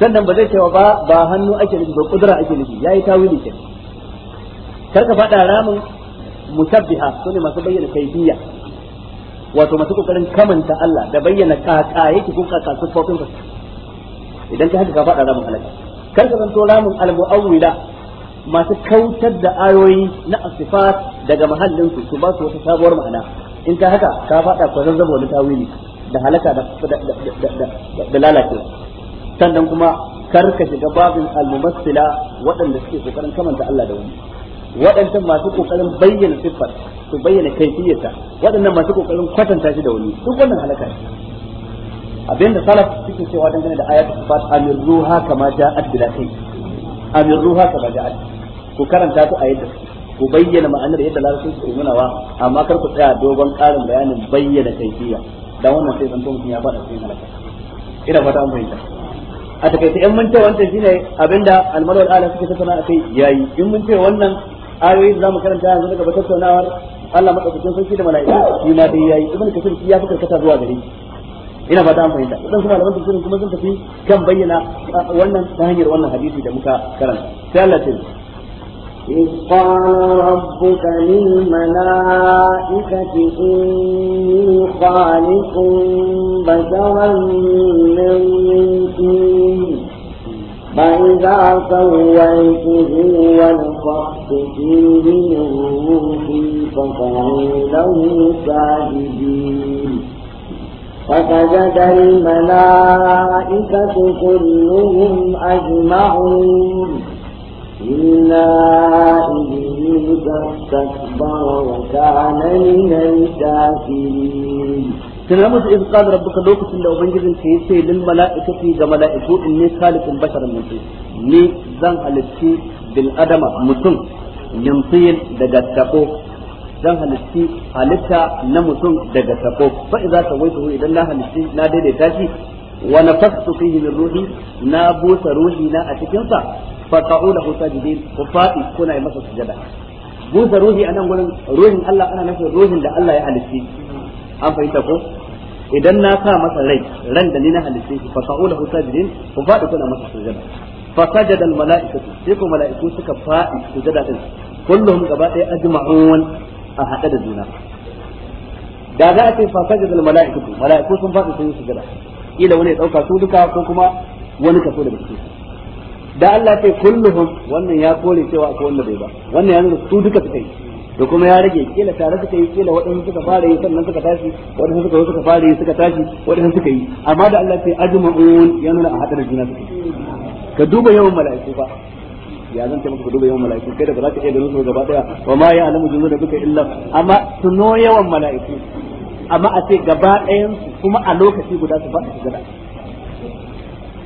sannan ba zai cewa ba ba hannu ake nufi ba kudura ake nufi yayi tawili kenan kar ka faɗa ramin mutabbiha ne masu bayyana kaifiya wato masu kokarin kamanta Allah da bayyana kaka yake kun kaka sufofin idan ka haka ka faɗa ramin alaka kar ka zanto lamun al-mu'awwila masu kautar da ayoyi na asifat daga mahallin su su ba su wata sabuwar ma'ana in ka haka ka fada ko zan zama wani tawili da halaka da da lalace sannan kuma kar ka shiga babin al-mumassila waɗanda suke kokarin kamanta Allah da wani waɗancan masu kokarin bayyana siffar su bayyana kaifiyarta waɗannan masu kokarin kwatanta shi da wani duk wannan halaka ne abinda salaf suke cewa dangane da ayatu sifat ruha kama ja'at bila kai ruha kama ja'at ku karanta ku a ku bayyana ma'anar yadda larabcin su umunawa amma kar ku tsaya dogon karin bayanin bayyana kaifiya dan wannan sai zan mutum ya bada sai halaka ina fata an fahimta a takaice in mun ce wancan shine abinda almalwal ala suke tattauna akai yayi in mun ce wannan ayoyi da zamu karanta yanzu daga tattaunawar Allah madaukakin sarki da mala'iku shi ma dai yayi ibnu kasir shi ya fi karkata zuwa gare shi ina fata an fahimta wadansu malaman tafsirin kuma sun tafi kan bayyana ah, wannan ta hanyar wannan hadisi da muka karanta sai Allah ta إذ قال ربك للملائكة إني خالق بشرا من طين فإذا سويته ونفخت فيه من روحي فقعوا له ساجدين فسجد الملائكة كلهم أجمعون إلا إبليس استكبر وكان من الكافرين tana musu iz qala rabbuka lokacin da ubangijin ka yace lil mala'ikati ga mala'iku inni khaliqun basharan min ni zan halitti bil adama mutum yamsil daga tako dan halitti halitta na mutum daga sako fa idza sawaituhu idan na halitti na daidaita shi wa nafastu fihi min ruhi na busa ruhi na a cikin sa fa qa'u lahu sajidin ku fadi kuna yi masa sujada busa ruhi anan gurin ruhin Allah ana nufin ruhin da Allah ya halitti an fahimta ko idan na sa masa rai ran da ni na halitte shi fa sa'u lahu sajidin fa fadi kuna masa sujada fa sajada al mala'ikatu sai ko mala'iku suka fadi sujada din kulluhum gaba ɗaya ajma'un a haɗe da juna da za a ce fa sajada mala'ikatu mala'iku sun faɗi sun sujada ila wani ya ɗauka su duka ko kuma wani kaso daga cikin da Allah ya ce kulluhum wannan ya kore cewa akwai wanda bai ba wannan ya nuna su duka suka yi da kuma ya rage kila tare suka yi kila waɗansu suka fara yi sannan suka tashi waɗansu suka suka fara yi suka tashi waɗansu suka yi amma da Allah sai ajma'un ya nuna a da juna suka ka duba yawan mala'iku ba ya zanta maka ku duba yawan mala'iku kai da ba za ka iya ganin su gaba daya wa ma ya alamu jinnu da duka illa amma tuno yawan mala'iku amma a ce gaba ɗayan su kuma a lokaci guda su faɗi su gada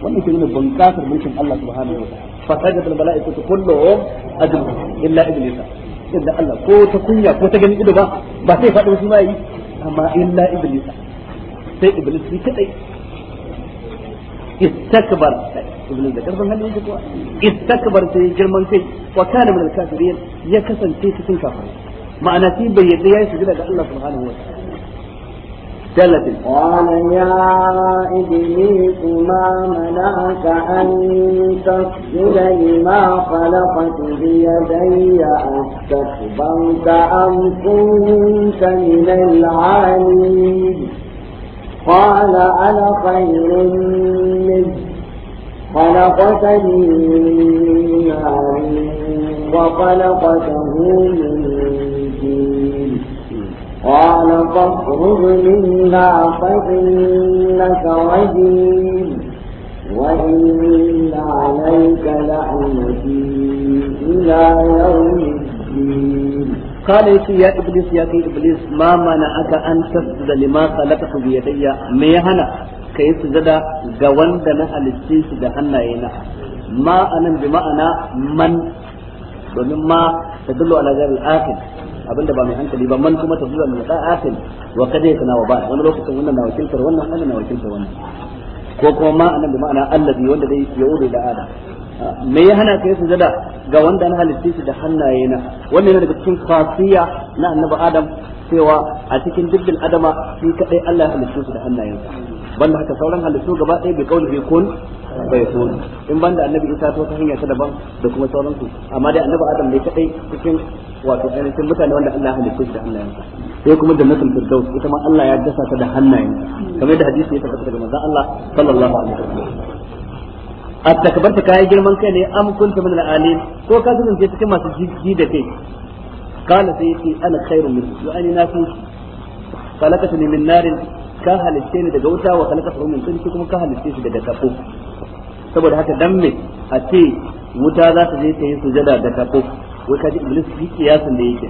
wannan ke nuna bunƙasar mulkin Allah subhanahu wa ta'ala sajada al mala'ikatu kulluhum ajma'un illa iblis inda Allah ko ta kunya ko ta ganin ido ba ba sai faɗo su mai yi amma illa iblis sai iblis shi kadai sai ابن ذكر فهل استكبر في جرم وكان من الكافرين يكسن في تسن كافر ما أنا تيب بيدي يا يسجد لك الله سبحانه وتعالى جلة قال يا إبليس ما منعك أن تسجد لما خلقت بيدي أستكبرت أم كنت من العالمين قال أنا خير منه خلقتني من نار وخلقته من جين قال فاخرج منها فإنك رجيم وإن عليك لعنتي إلى يوم الدين قال يا إبليس يا إبليس ما منعك أن تسجد لما خلقت بيدي ما ka yi sujada ga wanda na halicce shi da hannaye na ma anan bi ma'ana man domin ma tadullu ala ghairi al-aqil abinda ba mai hankali ba man kuma tadullu ala al-aqil wa kada kana wa ba wani lokacin wannan na wakiltar wannan wannan na wakiltar wannan ko kuma ma anan bi ma'ana allazi wanda dai yaudu da ada ah, me ya hana ka yi sujada ga wanda na halitta shi da hannaye na wannan yana daga cikin khasiyya na annabi adam cewa a cikin dubbin adama shi kadai Allah ya halitta shi da hannayensa banda haka sauran halittu gaba ɗaya bai kauli bai kun bai kun in banda annabi isa ta wata hanya ta daban da kuma sauran su amma dai annabi adam ne kadai cikin wato ainihin mutane wanda Allah ya halitta da hannayensa sai kuma da nasul firdaus ita ma Allah ya dasa ta da hannayensa kamar da hadisi ya tabbata daga manzon Allah sallallahu alaihi wasallam attakbarta kai girman kai ne am kunta min al-alim ko ka kasance cikin masu jiji da kai قال سيدي انا خير منه واني نافوس خلقتني min narin ka halitte ni daga wuta wa khalaqa min sulki kuma ka halitte shi daga tafo saboda haka dan me a ce wuta za ta je ta yi sujada da tafo wai kaji iblis shi kiyasin da yake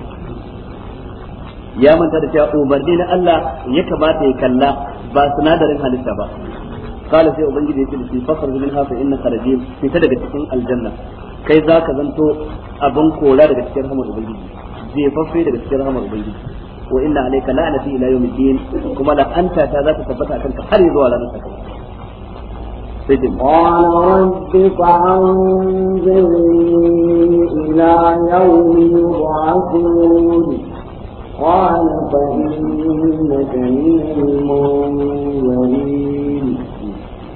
ya manta da cewa umarni na Allah ya kamata ya kalla ba sinadarin halitta ba قال sai ubangiji ya ce da shi fakar zumin hafa inna karajim fita daga cikin aljanna kai za ka zanto abin kora daga cikin rahamar ubangiji jefaffe daga cikin wa inna alayka la'nati ila yawmiddin kuma la anta ta za ta tabbata akan ka har zuwa ranar sakamako قال رب فانظرني إلى يوم يبعثون قال فإنك من المنظرين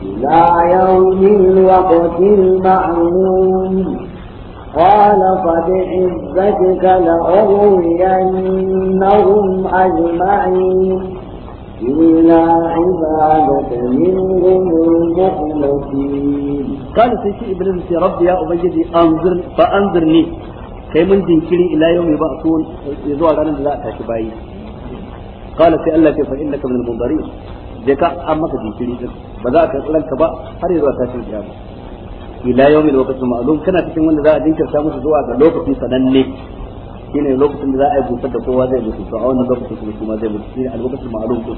إلى يوم الوقت المعلوم قال فبعزتك لأغوينهم أجمعين إلا عبادك منهم المخلصين قال سيدي إبراهيم يا رب يا أبيدي أنظر فأنظرني kai mun jinkiri ila yau mai ba su zuwa ranar da za a tashi bayi kala sai Allah ce fa innaka minal munzarin je ka an maka jinkiri ba za ka ba har zuwa tashin ila yawmin lokacin ma'lum kana cikin wanda za a jinkirta musu zuwa ga lokacin sananne shine lokacin da za a yi busar da kowa zai mutu to a wannan lokacin kuma kuma zai mutu shine lokacin ma'lum ko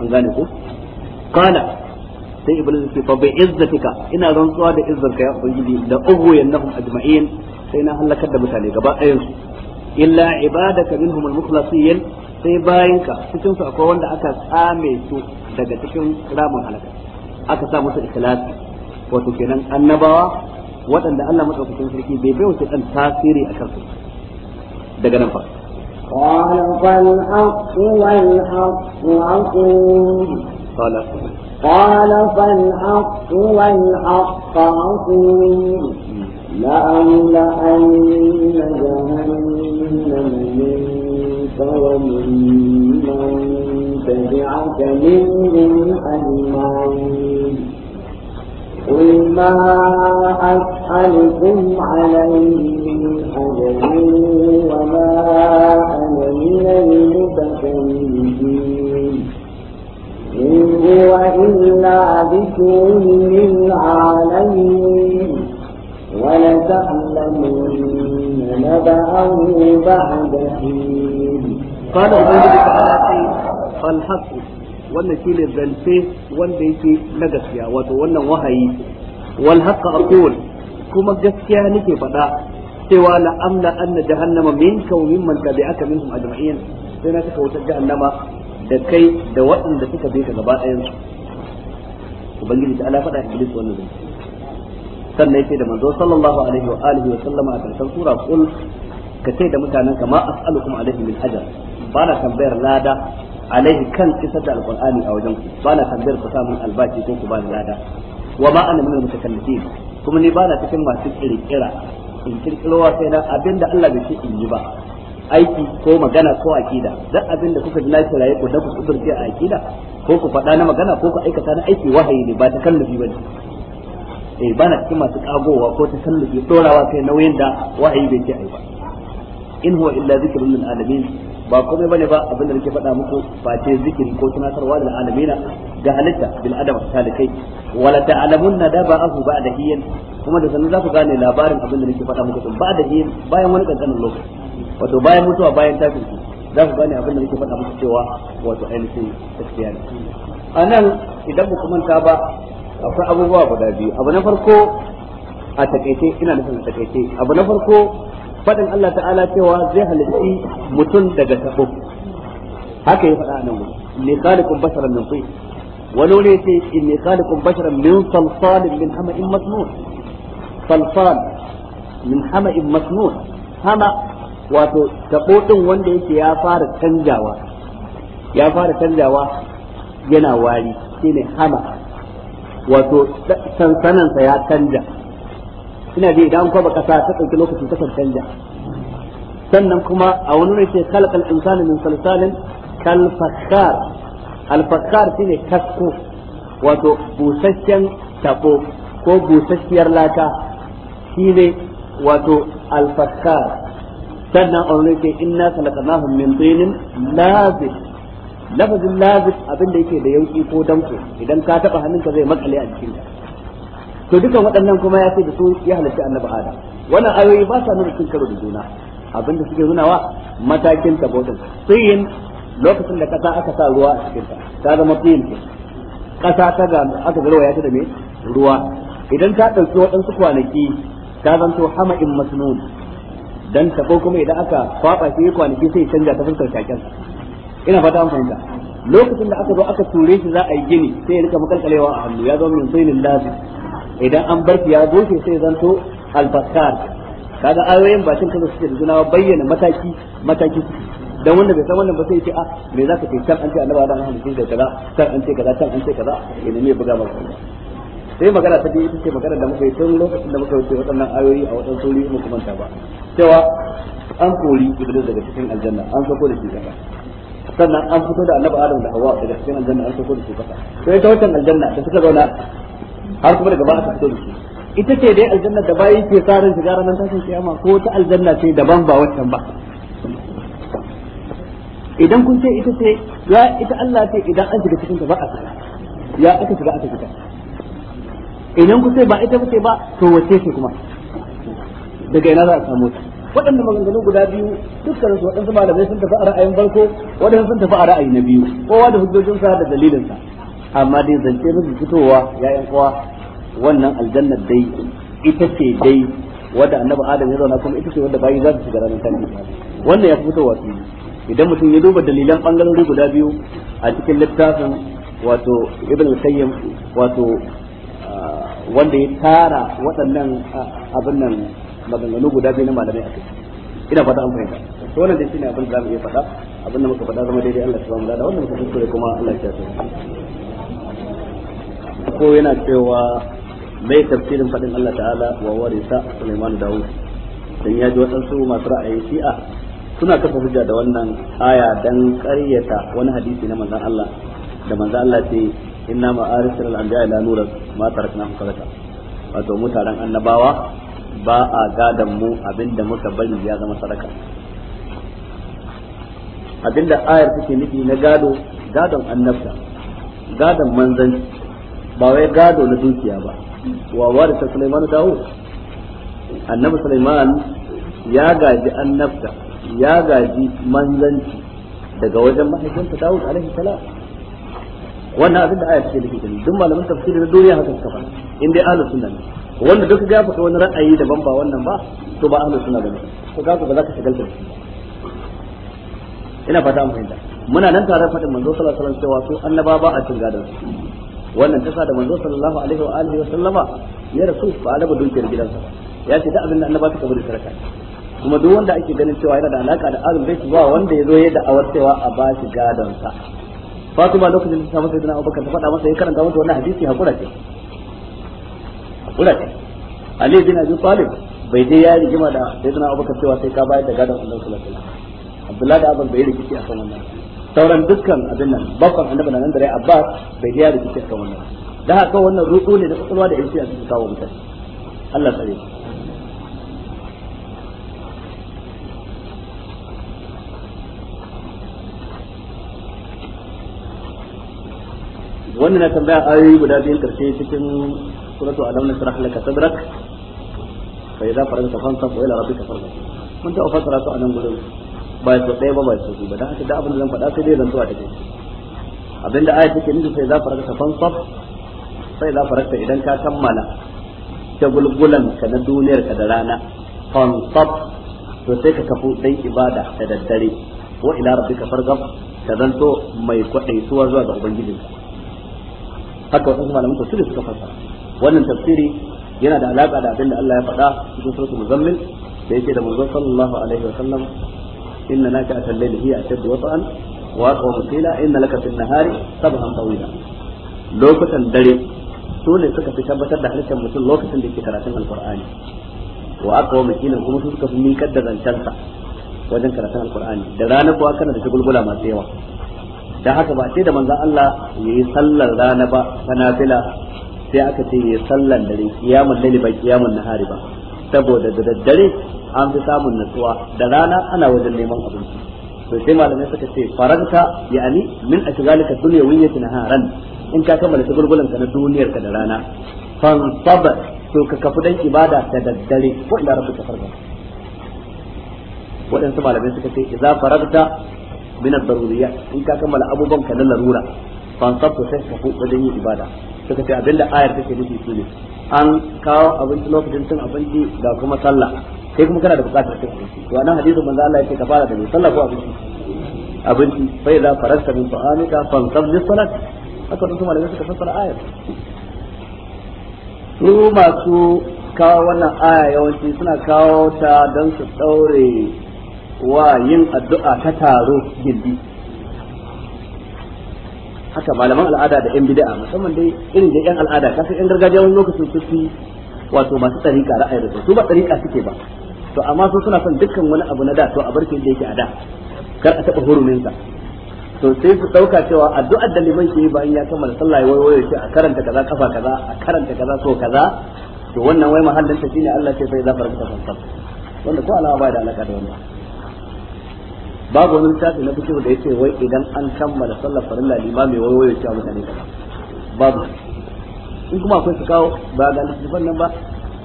an gane ko kana sai iblis ya fa bi izzatika ina rantsuwa da izzarka ya ubangiji da ughwiyannahum ajma'in sai na halakar da mutane gaba ɗayan su illa ibadaka minhum al-mukhlasin sai bayanka cikin su akwai wanda aka tsame su daga cikin ramin halaka aka sa musu ikhlasi wato kenan annabawa waɗanda Allah madaukakin sarki bai bai wuce dan tasiri a kansu daga nan fa قال فالحق والحق لأملأن جهنم منك ومن من تبعك منهم أجمعين قل ما أسألكم عليه من حجر وما أنا من المتكلمين إن هو إلا ذكر للعالمين ولتعلمن نبأه بعد حين قال الله تعالى فالحق wannan shine zance wanda yake na gaskiya wato wannan wahayi wal haqqa aqul kuma gaskiya nake faɗa cewa la amna anna jahannama minka wa mimman tabi'aka minhum ajma'in sai na saka wata jahannama da kai da waɗanda suka bi ka gaba ɗayan su ubangiji ta ala faɗa iblis wannan zance sannan yake da manzo sallallahu alaihi wa alihi wa sallama a karshen sura qul ka ce da mutanen ka ma as'alukum alaihi min ajr ba na tambayar lada alaihi kan kisar da alqur'ani a wajen ku ba na tambayar ku samun albashi ko ku ba ni lada wa ma ana minal mutakallifin kuma ni ba na cikin masu kirkira in kirkirowa sai na abinda Allah bai ce in yi ba aiki ko magana ko akida duk abinda kuka ji na kiraye ko da ku kudurce a akida ko ku faɗa na magana ko ku aikata na aiki wahayi ne ba takallufi ba ne eh ba na cikin masu kagowa ko takallufi dorawa kai nauyin da wahayi bai ce ai ba in huwa illa zikrun lil alamin ba komai bane ba abinda nake faɗa muku face zikiri ko tunatarwa da alamina ga halitta bil adam salikai wala ta'lamunna da ba'ahu ba'da hiyan kuma da sanin za ku gane labarin abinda nake faɗa muku din ba'da hiyan bayan wani kankanin lokaci wato bayan mutuwa bayan tafi za ku gane abinda nake faɗa muku cewa wato ainihin gaskiya ne anan idan ku manta ba akwai abubuwa guda biyu abu na farko a takaice ina nufin a takaice abu na farko Faɗin Allah ta'ala cewa zai halitti mutum daga tabo haka ya faɗa nan ne khaliqun basharan min tin wani ne yace inni khaliqun basharan min salsal min hama'in masnun salsal min hama'in masnun hama wato tabo din wanda yake ya fara canjawa ya fara canjawa yana wari shine hama wato sansanansa ya canja ina ji idan kwaba kasa ta dauki lokaci ta canja sannan kuma a wani ne sai khalaqal insana min salsalin kal fakkar al fakkar shine kasko wato busasshen tabo ko busasshiyar laka shine wato al fakkar sannan a wani ne inna khalaqnahum min tinin lazib lafazin lazib abin da yake da yauki ko danko idan ka taba hannunka zai makale a ka. to dukan waɗannan kuma ya ce da su ya halarci annabi adam wannan ayoyi ba sa nuna cin karo da juna abinda suke wa matakin tabotin tsiyin lokacin da kasa aka sa ruwa a cikin ta ta zama tsayin ce kasa ta ga aka ya ta da me ruwa idan ta ɗauki waɗansu kwanaki ta zanto hama'in masnun dan ta ko kuma idan aka kwaba shi kwanaki sai canja ta fuskar kakin ina fata an fahimta lokacin da aka zo aka ture shi za a yi gini sai ya rika makalkalewa a hannu ya zama min tsayin lazi idan an bar ya goshe sai zanto albakar kaga ayoyin ba cin kaza suke da juna bayyana mataki mataki dan wanda bai san wannan ba sai ce a ah, me zaka ce can an ce annabawa dan hadisi da kaza can an ce kaza can an ce kaza ina ne buga maka sai magana ta ita ce magana da muka yi tun lokacin da muka wuce waɗannan ayoyi a waɗansu suri mu kuma ta ba cewa an kori iblis daga cikin aljanna an sako da shi kaza sannan an fito da annabawa adam da hawa daga cikin aljanna an sako da shi kaza sai ta wancan aljanna da suka zauna har kuma daga ba ta fito da su ita ce dai aljanna da bayi ke tsarin shiga ranar tashin kiyama ko ta aljanna ce daban ba wancan ba idan kun ce ita ce ya ita Allah ce idan an shiga cikin ta ba a tsara ya aka shiga aka fita idan kun ce ba ita ce ba to wace ce kuma daga ina za a samu ta waɗanda maganganu guda biyu dukkan su waɗansu malamai sun tafi a ra'ayin farko waɗansu sun tafi a ra'ayi na biyu kowa da hujjojinsa da dalilinsa amma dai zance mafi fitowa yan kowa wannan aljannar dai ita ce dai wadda annabi adam ya zauna kuma ita ce wadda bayi za su shiga ranar kan wannan ya fitowa su idan mutum ya duba dalilan bangarori guda biyu a cikin littafin wato ibn al-qayyim wato ah, wanda ya tara waɗannan ah, abin nan maganganu guda biyu na malamai a kai ina fata an fahimta to wannan dai shine abin da za mu iya faɗa abin da muka faɗa zama daidai Allah subhanahu wa ta'ala da wannan muka kuskure kuma Allah ya tsare farko yana cewa mai tafsirin faɗin Allah ta'ala wa warisa Sulaiman Dawud dan ya ji su masu ra'ayin shi'a suna kafa hujja da wannan aya dan ƙaryata wani hadisi na manzon Allah da manzon Allah ce inna ma'arisul anbiya ila nurat ma tarakna kalaka wato mutaren annabawa ba a gadan mu abinda muka bari ya zama sadaka abinda ayar take nufi na gado gadon annabta gadon manzanci ba wai gado na dukiya ba wa da Sulaiman dawo annabi Sulaiman ya gaji annabta ya gaji manzanci daga wajen mahaifinsa dawo alaihi salam wannan abin da aya ke da shi duk malamin tafsiri na duniya haka suka faɗa in dai ahlus sunna ne wanda duk ga faɗa wani ra'ayi daban ba wannan ba to ba ahlus sunna bane to ga ba za ka shigalta da ina fata mu fahimta muna nan tare faɗin manzo sallallahu alaihi wasallam cewa su annaba ba a cin gadon su wannan ta sa da manzo sallallahu alaihi wa alihi wa sallama ya rasu ba alaba dukiyar gidansa ya ce da abin da annaba ta kabari saraka kuma duk wanda ake ganin cewa yana da alaka da azum bai ba wanda ya zo ya da'awar cewa a ba shi gadon sa Fatima lokacin da ta masa dana Abubakar ta faɗa masa ya karanta masa wannan hadisi hakura ce hakura ce Ali bin Abi Talib bai dai ya rigima da Sayyidina Abubakar cewa sai ka bayar da gadon Allah sallallahu alaihi wa sallam Abdullahi da Abubakar bai rikici a kan wannan sauran dukkan abin nan bakon annabi nan da rai abbas bai ga yaro kike kawo nan da haka wannan ruku ne da kwakwalwa da yanci a cikin kawo mutane Allah tsare wannan na tambaya ayoyi guda biyu karshe cikin suratu alam nasrah laka sadrak fa idza faranta fansab ila rabbika farghab mun ta fasara su a gudu ba so ɗaya ba ba so biyu ba dan haka da abin da zan faɗa sai dai zan zuwa take abinda ayat take nufi sai za farka fansaf sai za farka idan ka kammala ta gulgulan ka na duniyar ka da rana fansaf to sai ka kafu dan ibada da daddare wa ila rabbika farghab ka zanto mai kwadaituwa zuwa ga ubangijinka haka wasu malaman tafsiri suka fassara wannan tafsiri yana da alaka da abin da Allah ya faɗa cikin suratul muzammil da yake da manzon sallallahu alaihi wa sallam inna naka atallayl hiya ashaddu wata'an wa aqwa qila inna laka fil nahari sabhan tawila lokutan dare su ne suka fi tabbatar da harshen mutum lokacin da yake karatun alqur'ani wa aqwa qila kuma suka fi miƙar da zancensa wajen karatun alkur'ani da rana kuwa kana da shagulgula masu yawa da haka ba sai da manzon Allah yayi sallar rana ba fanafila nafila sai aka ce ya sallar dare kiyamul laili ba kiyamul nahari ba saboda da daddare an fi samun nutsuwa da rana ana wajen neman abinci to sai malamai suka ce faranta yani min ashghalika dunyawiyyatin haran in ka kammala shagulgulan ka na duniyar ka da rana fan sabar to ka kafu dan ibada da daddare ko ina rabu rabbika farga waɗansu malamai suka ce idza faranta min ad-daruriyat in ka kammala abubuwan ka na larura fan sabar sai ka kafu wajen yin ibada suka ce abinda ayar take nufi shine an kawo abinci lokacin cin abinci da kuma sallah sai kuma kana da bukatar cin abinci to anan hadisin manzo Allah yake ka fara da mai sallah ko abinci abinci fa da farasta min ta'amika fanqam lis salat haka duk malamai suka fassara ayar su masu kawo wannan aya yawanci suna kawo ta don su daure wa yin addu'a ta taro gindi haka malaman al'ada da 'yan bid'a musamman dai irin da 'yan al'ada kafin 'yan gargajiya wani lokacin su su wato masu tsarika ra'ayi da su ba tsarika suke ba to amma su suna son dukkan wani abu na da to a bar shi yake a da kar a taba hurumin sa to sai su dauka cewa addu'ar da liman ke bayan ya kammala sallah ya wayo shi a karanta kaza kafa kaza a karanta kaza so kaza to wannan wai mahallin ta shine Allah sai sai za farka fansar wanda ko alama ba da alaka da wannan babu wani tafi na fikihu da yake wai idan an kammala sallah farilla limami wayo ya a mutane kaza babu in kuma akwai su kawo ba ga lissafin nan ba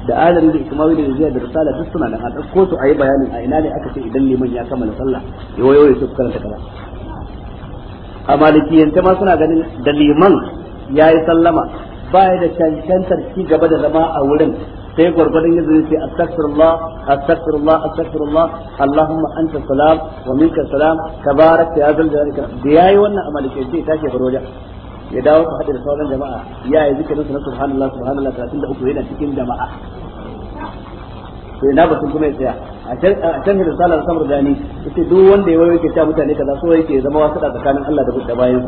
da alami da ikmawi da rijiya da risala duk suna da a ko su a yi bayanin a ina ne aka ce idan liman ya kammala sallah ya wayo ya su karanta kaza a malikiyance ma suna ganin da liman ya yi sallama ya da cancantar ci gaba da zama a wurin sai gwargwadon yadda zai ce astaghfirullah astaghfirullah astaghfirullah allahumma anta salam wa minka salam tabarak ya zal da yayi wannan a malikiyance tashi bar ya dawo ku haɗe da sauran jama'a ya yi zikirin su na subhanallah subhanallah uku yana cikin jama'a to ina batun kuma ya tsaya a can da salar samar gani yace duk wanda ya wayo yake ta mutane kaza so yake zama wasu da tsakanin Allah da da bayan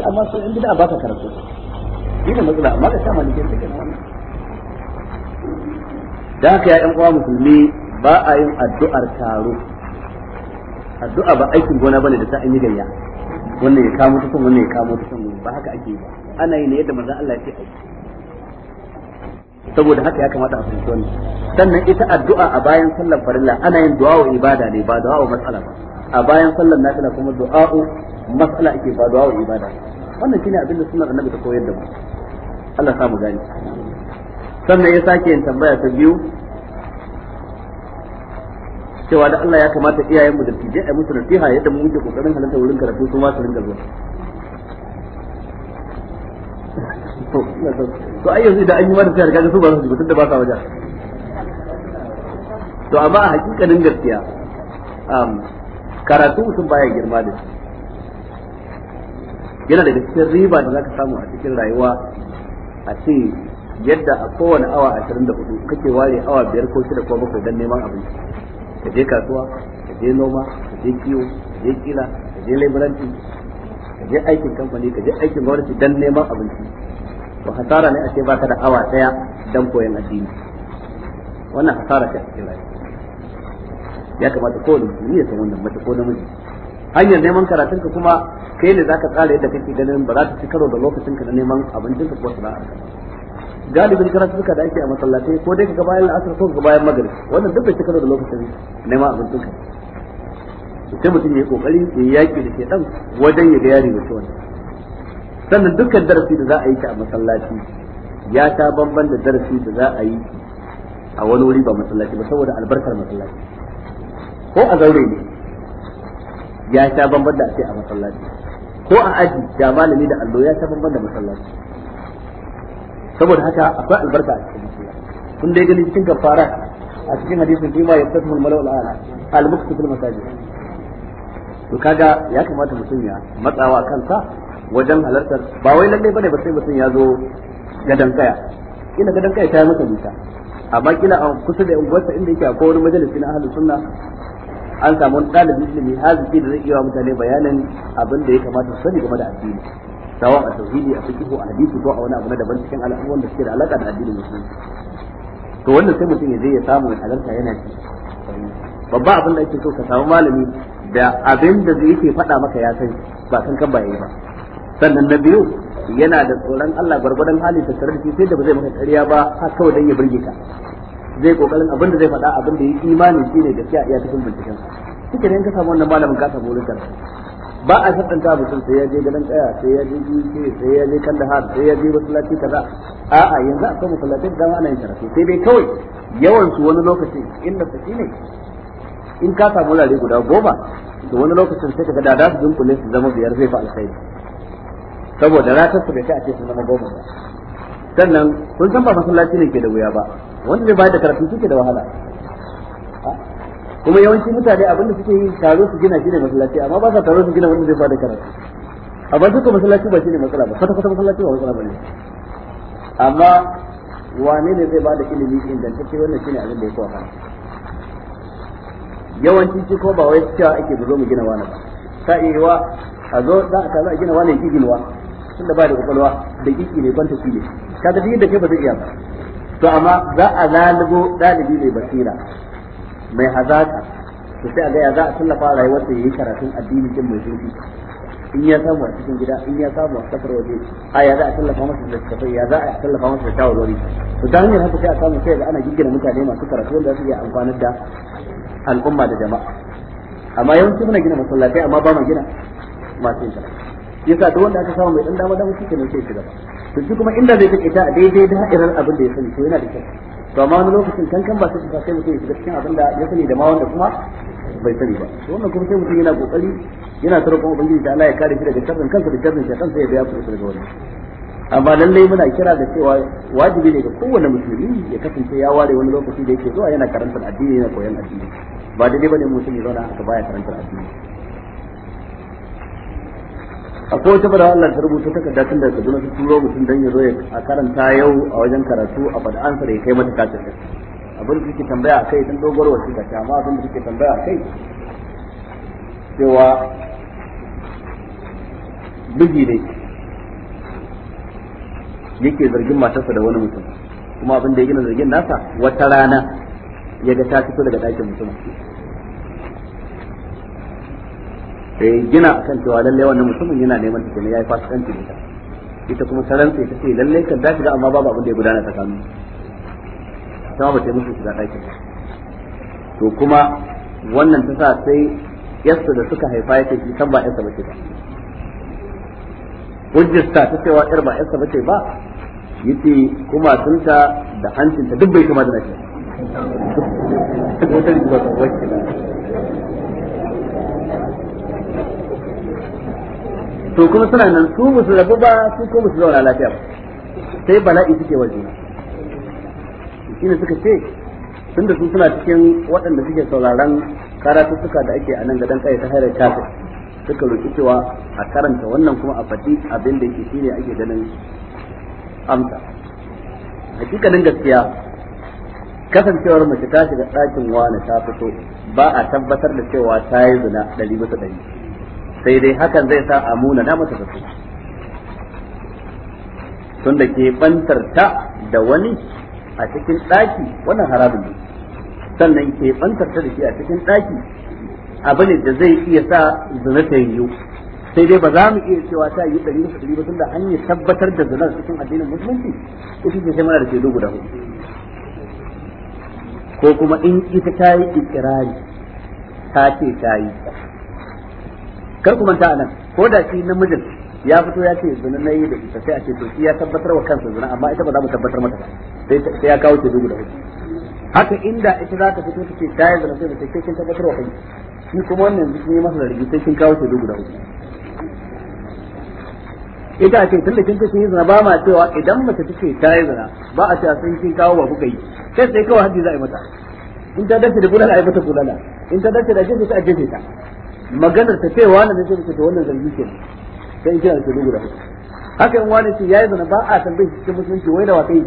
sa amma sun in bid'a ba ta karatu yi da matsala amma da ta malikin take nan da haka ya ɗan uwa musulmi ba a yin addu'ar taro addu'a ba aikin gona bane da ta an yi gayya wannan ya kamo ta son wannan ya kamo ta son ba haka ake ba ana yi ne yadda manzon Allah ya ce ai saboda haka ya kamata a fahimci wannan sannan ita addu'a a bayan sallar farilla ana yin du'a wa ibada ne ba du'a wa matsala ba a bayan sallar nafila kuma du'a matsala ake ba du'a wa ibada wannan shine abin da sunnar annabi ta koyar da mu Allah samu gani sannan ya sake yin tambaya ta biyu cewa da Allah ya kamata iyayen mu da tije ai musu nasiha yadda mu muke kokarin halarta wurin karatu su ma su ringa zuwa to ai yanzu idan an yi mata sai riga su ba su ji tunda ba sa wajen to amma a hakikanin gaskiya um, karatu sun baya girma da shi yana da cikin riba da zaka samu a cikin rayuwa a ce yadda a kowane awa 24 kake ware awa biyar ko shida ko bakwai don neman abinci ka je kasuwa ka je noma ka je kiwo ka je kila ka je laboranci ka je aikin kamfani ka je aikin gwamnati dan neman abinci ba hasara ne a ce baka da awa daya dan koyon addini wannan hasara ce a cikin ya kamata kowane musulmi ya san wannan mace ko namiji hanyar neman karatun ka kuma kai ne zaka tsara yadda kake ganin ba za ta ci karo da lokacin ka na neman abincin ka ko sana'ar ka galibin suka da ake a masallatai ko dai kaga bayan asar ko kaga bayan magrib wannan duk shi cika da lokacin neman abincin ka sai mutum ya kokari ya yaki da ke dan wajen ya ga yari da shi wannan sannan dukkan darasi da za a yi ta a masallaci ya ta bamban da darasi da za a yi a wani wuri ba masallaci ba saboda albarkar masallaci ko a zaure ne ya ta bamban da a a masallaci ko a aji da malami da allo ya ta bamban da masallaci saboda haka akwai albarka a cikin dukiya kun dai ganin cikin gafara a cikin hadisin fi ma yaftahu al-mala'ul a'la al-muqtu fil masajid to kaga ya kamata mutum ya matsawa kansa wajen halartar ba wai lalle bane ba sai mutum ya zo gadan kaya kila gadan kaya ta yi masa nisa amma kila a kusa da unguwarsa inda yake akwai wani majalisi na ahlus sunna an samu wani dalibin ilimi haziki da zai iya wa mutane bayanin abin da ya kamata su sani game da addini sawan a tauhidi a fiqh a hadisi ko a wani abu na daban cikin al'amuran da suke da alaka da addinin musulunci to wannan sai mutum ya je ya samu ya halarta yana ci babba abin da yake so ka samu malami da abin da zai yake faɗa maka ya san ba san kan baye ba sannan na biyu yana da tsoron Allah gwargwadon hali ta da shi sai da ba zai maka ƙarya ba har kawai dan ya burge ka zai kokarin abin da zai faɗa abin da ya imani shine gaskiya iya cikin binciken kike ne ka samu wannan malamin ka samu wurin ba a shaddanta mutum sai ya je ganin kaya sai ya je UK sai ya je Kandahar sai ya je masallaci kaza a'a yanzu akwai masallaci da dama ana yin karatu sai dai kawai yawan su wani lokaci inda su ne. in ka samu lare guda goma to wani lokacin sai ka ga da su dunkule su zama biyar zai fa alkhairi saboda ratar su bai kai a ce su zama goma ba sannan kun san ba masallaci ne ke da wuya ba wanda zai bayar da karatu suke da wahala kuma yawanci mutane abin da suke yi taro su gina shine masallaci amma ba sa taro su gina wanda zai fada karatu amma duka masallaci ba shine matsala ba kwata kwata masallaci ba matsala ba ne amma wane ne zai bada ilimi ingantacce wannan shine abin da ya kowa kan yawanci shi ko ba wai cewa ake zo mu gina wani ba ta iya wa a zo za a kaza a gina wani tun da ba da kwakwalwa da kiki ne kwanta shi ne kada duk da kai ba zai iya ba to amma za a lalubo dalibi mai basira mai hazaka to sai a ga ya za a tallafa a rayuwar sa yayi karatun addini din mai zurfi in ya samu a cikin gida in ya samu a kasar waje a ya za a tallafa masa da tafai ya za a tallafa masa da shawarwari to ta hanyar haka sai a samu sai ga ana giggina mutane masu karatu wanda su iya amfanar da al'umma da jama'a amma yawanci muna gina masallatai amma ba ma gina masu yin yasa duk wanda aka samu mai dan dama dama shi ke nan sai shiga to shi kuma inda zai take ta daidai da da'irar abin da ya sani to yana da kyau to amma wani lokacin kan kan ba sai sai mutum ya shiga cikin abin da ya sani da ma wanda kuma bai sani ba wannan kuma sai mutum yana kokari yana tsaro kuma ubangiji da Allah ya kare shi daga sharrin kansa da sharrin shaitan sai ya biya su daga wannan amma lallai muna kira da cewa wajibi ne ga kowane musulmi ya kasance ya ware wani lokaci da yake zuwa yana karantar addini yana koyon addini ba da daidai bane mutum ya zauna haka baya karantar addini akwai wata bara Allah ta rubuta takarda tun da Kaduna ta turo mutum dan yazo a karanta yau a wajen karatu a bada da ya kai mata kasar abin da kike tambaya kai dan dogor da ta amma abin da kike tambaya kai, cewa miji ne yake zargin matarsa da wani mutum kuma abin da ya gina zargin nasa wata rana ya ga ta fito daga ɗakin mutum. sai gina akan cewa lalle wannan mutumin yana neman ta ya yayi fasikanci da ita ita kuma ta rantsa ta ce lalle kan ta shiga amma babu abin da ya gudana tsakanin ta ba ta musu shiga ɗakin to kuma wannan ta sa sai yasta da suka haifa ya tafi shi kan ba yasta bace ba hujjista ta cewa yar ba yasta bace ba yace kuma tunta da hancinta duk bai kama da nashi wata ta to kuma suna nan su musu rabu ba su ko musu zauna lafiya ba sai bala'i suke waje. juna suka ce tun da su suna cikin waɗanda suke sauraron suka da ake a nan gadon kai ta hairar kafin suka roƙi cewa a karanta wannan kuma a faɗi abin da yake shine ake ganin amsa hakikanin gaskiya kasancewar mace ta shiga ɗakin wani ta fito ba a tabbatar da cewa ta yi zina ɗari bisa ɗari sai dai hakan zai sa a muna na mata zato tun da ke bantar ta da wani a cikin ɗaki wannan harabin ne sannan ke bantar ta da shi a cikin ɗaki abu ne da zai iya sa zina ta yiwu sai dai ba za mu iya cewa ta yi ɗari masu ɗari ba da an yi tabbatar da zina cikin addinin musulunci ita ce sai mana da shaidu guda hudu ko kuma in ita ta yi ikirari ta ce ta yi kar ku manta nan, ko da shi namijin ya fito ya ce zina na yi da ita sai a ce to shi ya tabbatar wa kansa zina amma ita ba za mu tabbatar mata ba sai ya kawo ke dubu da hudu haka inda ita za ta fito ta ce ta yi zina sai da sai kin tabbatar wa kanki shi kuma wannan shi yi masa zargi sai kin kawo ke dubu da hudu ita ce tun da kin ce kin yi zina ba ma cewa idan mace ta ta yi zina ba a ce a sun kin kawo ba kuka yi sai sai kawai haddi za a yi mata in ta dace da bulala a yi mata bulala in ta dace da jefe sai a jefe ta maganar ta ce wani ne sai ta wannan zargi ke sai kira da guda haka in wani ce yayi zana ba a tambaye shi cikin musulunci wai da wata yi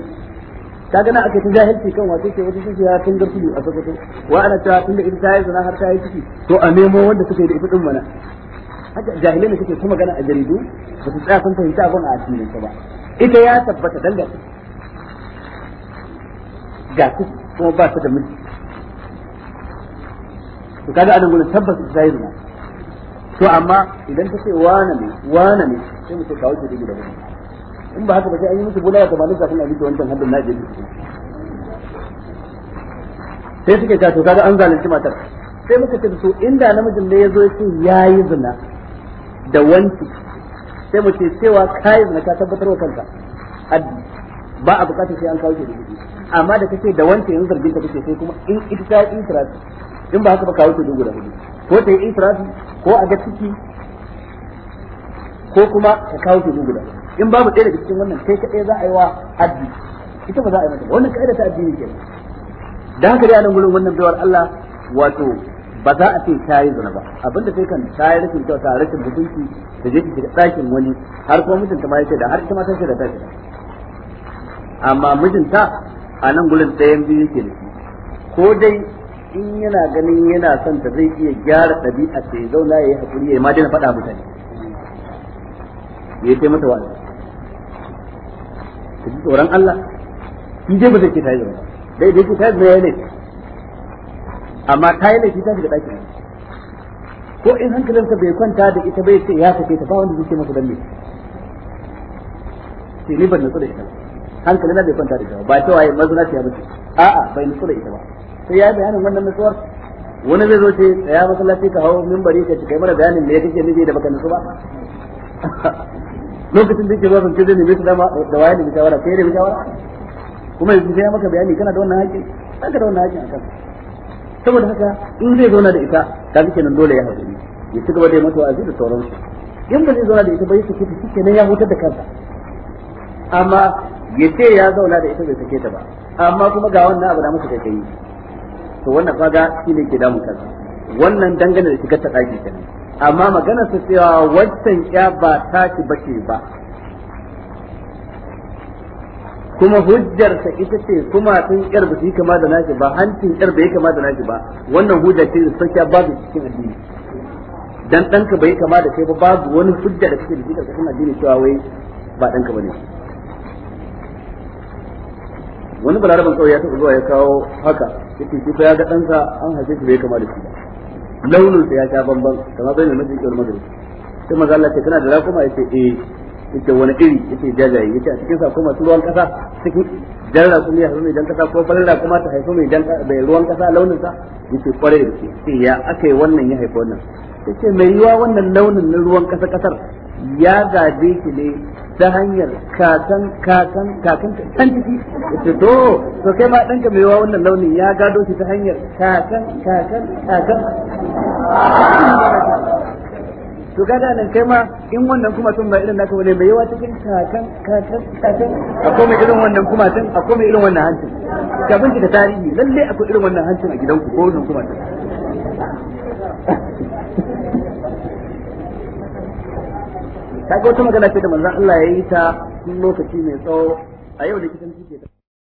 ta gana aka ta jahilci kan wata ce wata ce ya kan garfi a sokoto wa ana cewa tunda in ta yi zana har ta yi ciki to a nemo wanda suka yi da ita din mana haka jahilai ne suke ta magana a jaridu ba su tsaya sun fahimta abin a addinin ba ita ya tabbata dan ga ga kuma ba ta da miji to kaga anan gurin tabbata ta yi zana to amma idan ta ce wane ne wane ne sai mutum kawo ce da wani in ba haka ba sai an yi musu bula ta malin kafin a rike wancan hadin na jeji sai suke ta to kaga an zalunci matar sai muka ce su inda namijin ne ya zo ce ya yi zina da wanki sai mu ce cewa ka yi zina ka tabbatar wa kanka ba a bukatar sai an kawo ce da amma da kace da wanki yanzu zargin ta kace sai kuma in ita ta yi in ba haka ba kawo ce da guda ko ta yi infirafi ko a ga ciki ko kuma ka kawo shi guda in babu ɗaya daga cikin wannan kai kaɗai za a yi wa addi ita ba za a yi mata wannan da ta addini ke da haka dai a nan gudun wannan baiwar Allah wato ba za a ce tayi zana ba abinda sai kan ta yi kyau ta rashin mutunci da je shiga ɗakin wani har kuma mijinta ma ya da har kuma ma ta da ta amma mijinta a nan gurin ɗayan biyu yake da shi ko dai in yana ganin yana son ta zai iya gyara ɗabi'a ta ya zauna ya yi haƙuri ya yi ma faɗa mutane ya yi mata wa'azi ta ji tsoron Allah shi je ba zai ce ta yi zama dai dai ta yi zama ne amma ta yi laifi ta shiga ɗakin ko in hankalinsa bai kwanta da ita bai ce ya sake ta ba wanda zai ce masa dan me sai ni ban nutsu da ita hankalina bai kwanta da ita ba cewa ya mazuna ce ya mutu a'a bai nutsu da ita ba sai ya bayanin wannan nutsuwar wani zai zo ce tsaya masallaci ka hawo mimbari ka ci kai mana bayanin me kake nufi da baka nutsu ba lokacin da yake zuwa sunce zai nemi su dama da waye nemi shawara kai nemi shawara kuma yanzu sai ya maka bayani kana da wannan haƙƙi ka da wannan haƙƙi akan saboda haka in zai zauna da ita ka fi kenan dole ya haƙuri ya ci gaba da mata wa'azi da sauransu in ba zai zauna da ita ba ya sake ta kenan ya hutar da kansa amma ya ce ya zauna da ita bai sake ta ba amma kuma ga wannan abu da muka kai kai to wannan kaga shi ne ke damu kansa wannan dangane da shigar ta ɗaki kenan amma magana su cewa wancan ya ba ta ci bace ba kuma hujjarsa ita ce kuma tun yar ba su yi kama da naki ba hancin yar bai kama da naki ba wannan hujja ce da sakiya babu cikin addini dan danka bai kama da kai ba babu wani hujja da kake da shi karkashin addini cewa wai ba danka bane wani balarabin kawai ya taɓa zuwa ya kawo haka yake shi ya ga ɗansa an haife shi bai kama da shi launin sa ya sha bamban kama bai mai mafi kyau magana sai maza Allah ce kana da raƙuma yace eh yace wani iri yace jajaye yace a cikin sa ko ruwan kasa cikin jan raƙumi ya haifi mai jan kasa ko farin raƙuma ta haifi mai jan ruwan kasa launin sa yace kware da shi sai ya aka yi wannan ya haifi wannan yace mai yiwa wannan launin na ruwan kasa kasar ya gaje shi ne ta hanyar kakan kakan kakan dan ciki yace to to kai ma danka mai yawa wannan launin ya gado shi ta hanyar kakan kakan kakan to kaga nan kai ma in wannan kuma tun ba irin naka bane mai yawa cikin kakan kakan kakan akwai mai irin wannan kuma tun akwai mai irin wannan hancin kafin kika tarihi lalle akwai irin wannan hancin a gidanku ko wannan kuma tun kaga wata magana ce da manzon Allah ya yi ta lokaci mai tsawo a yau da kitan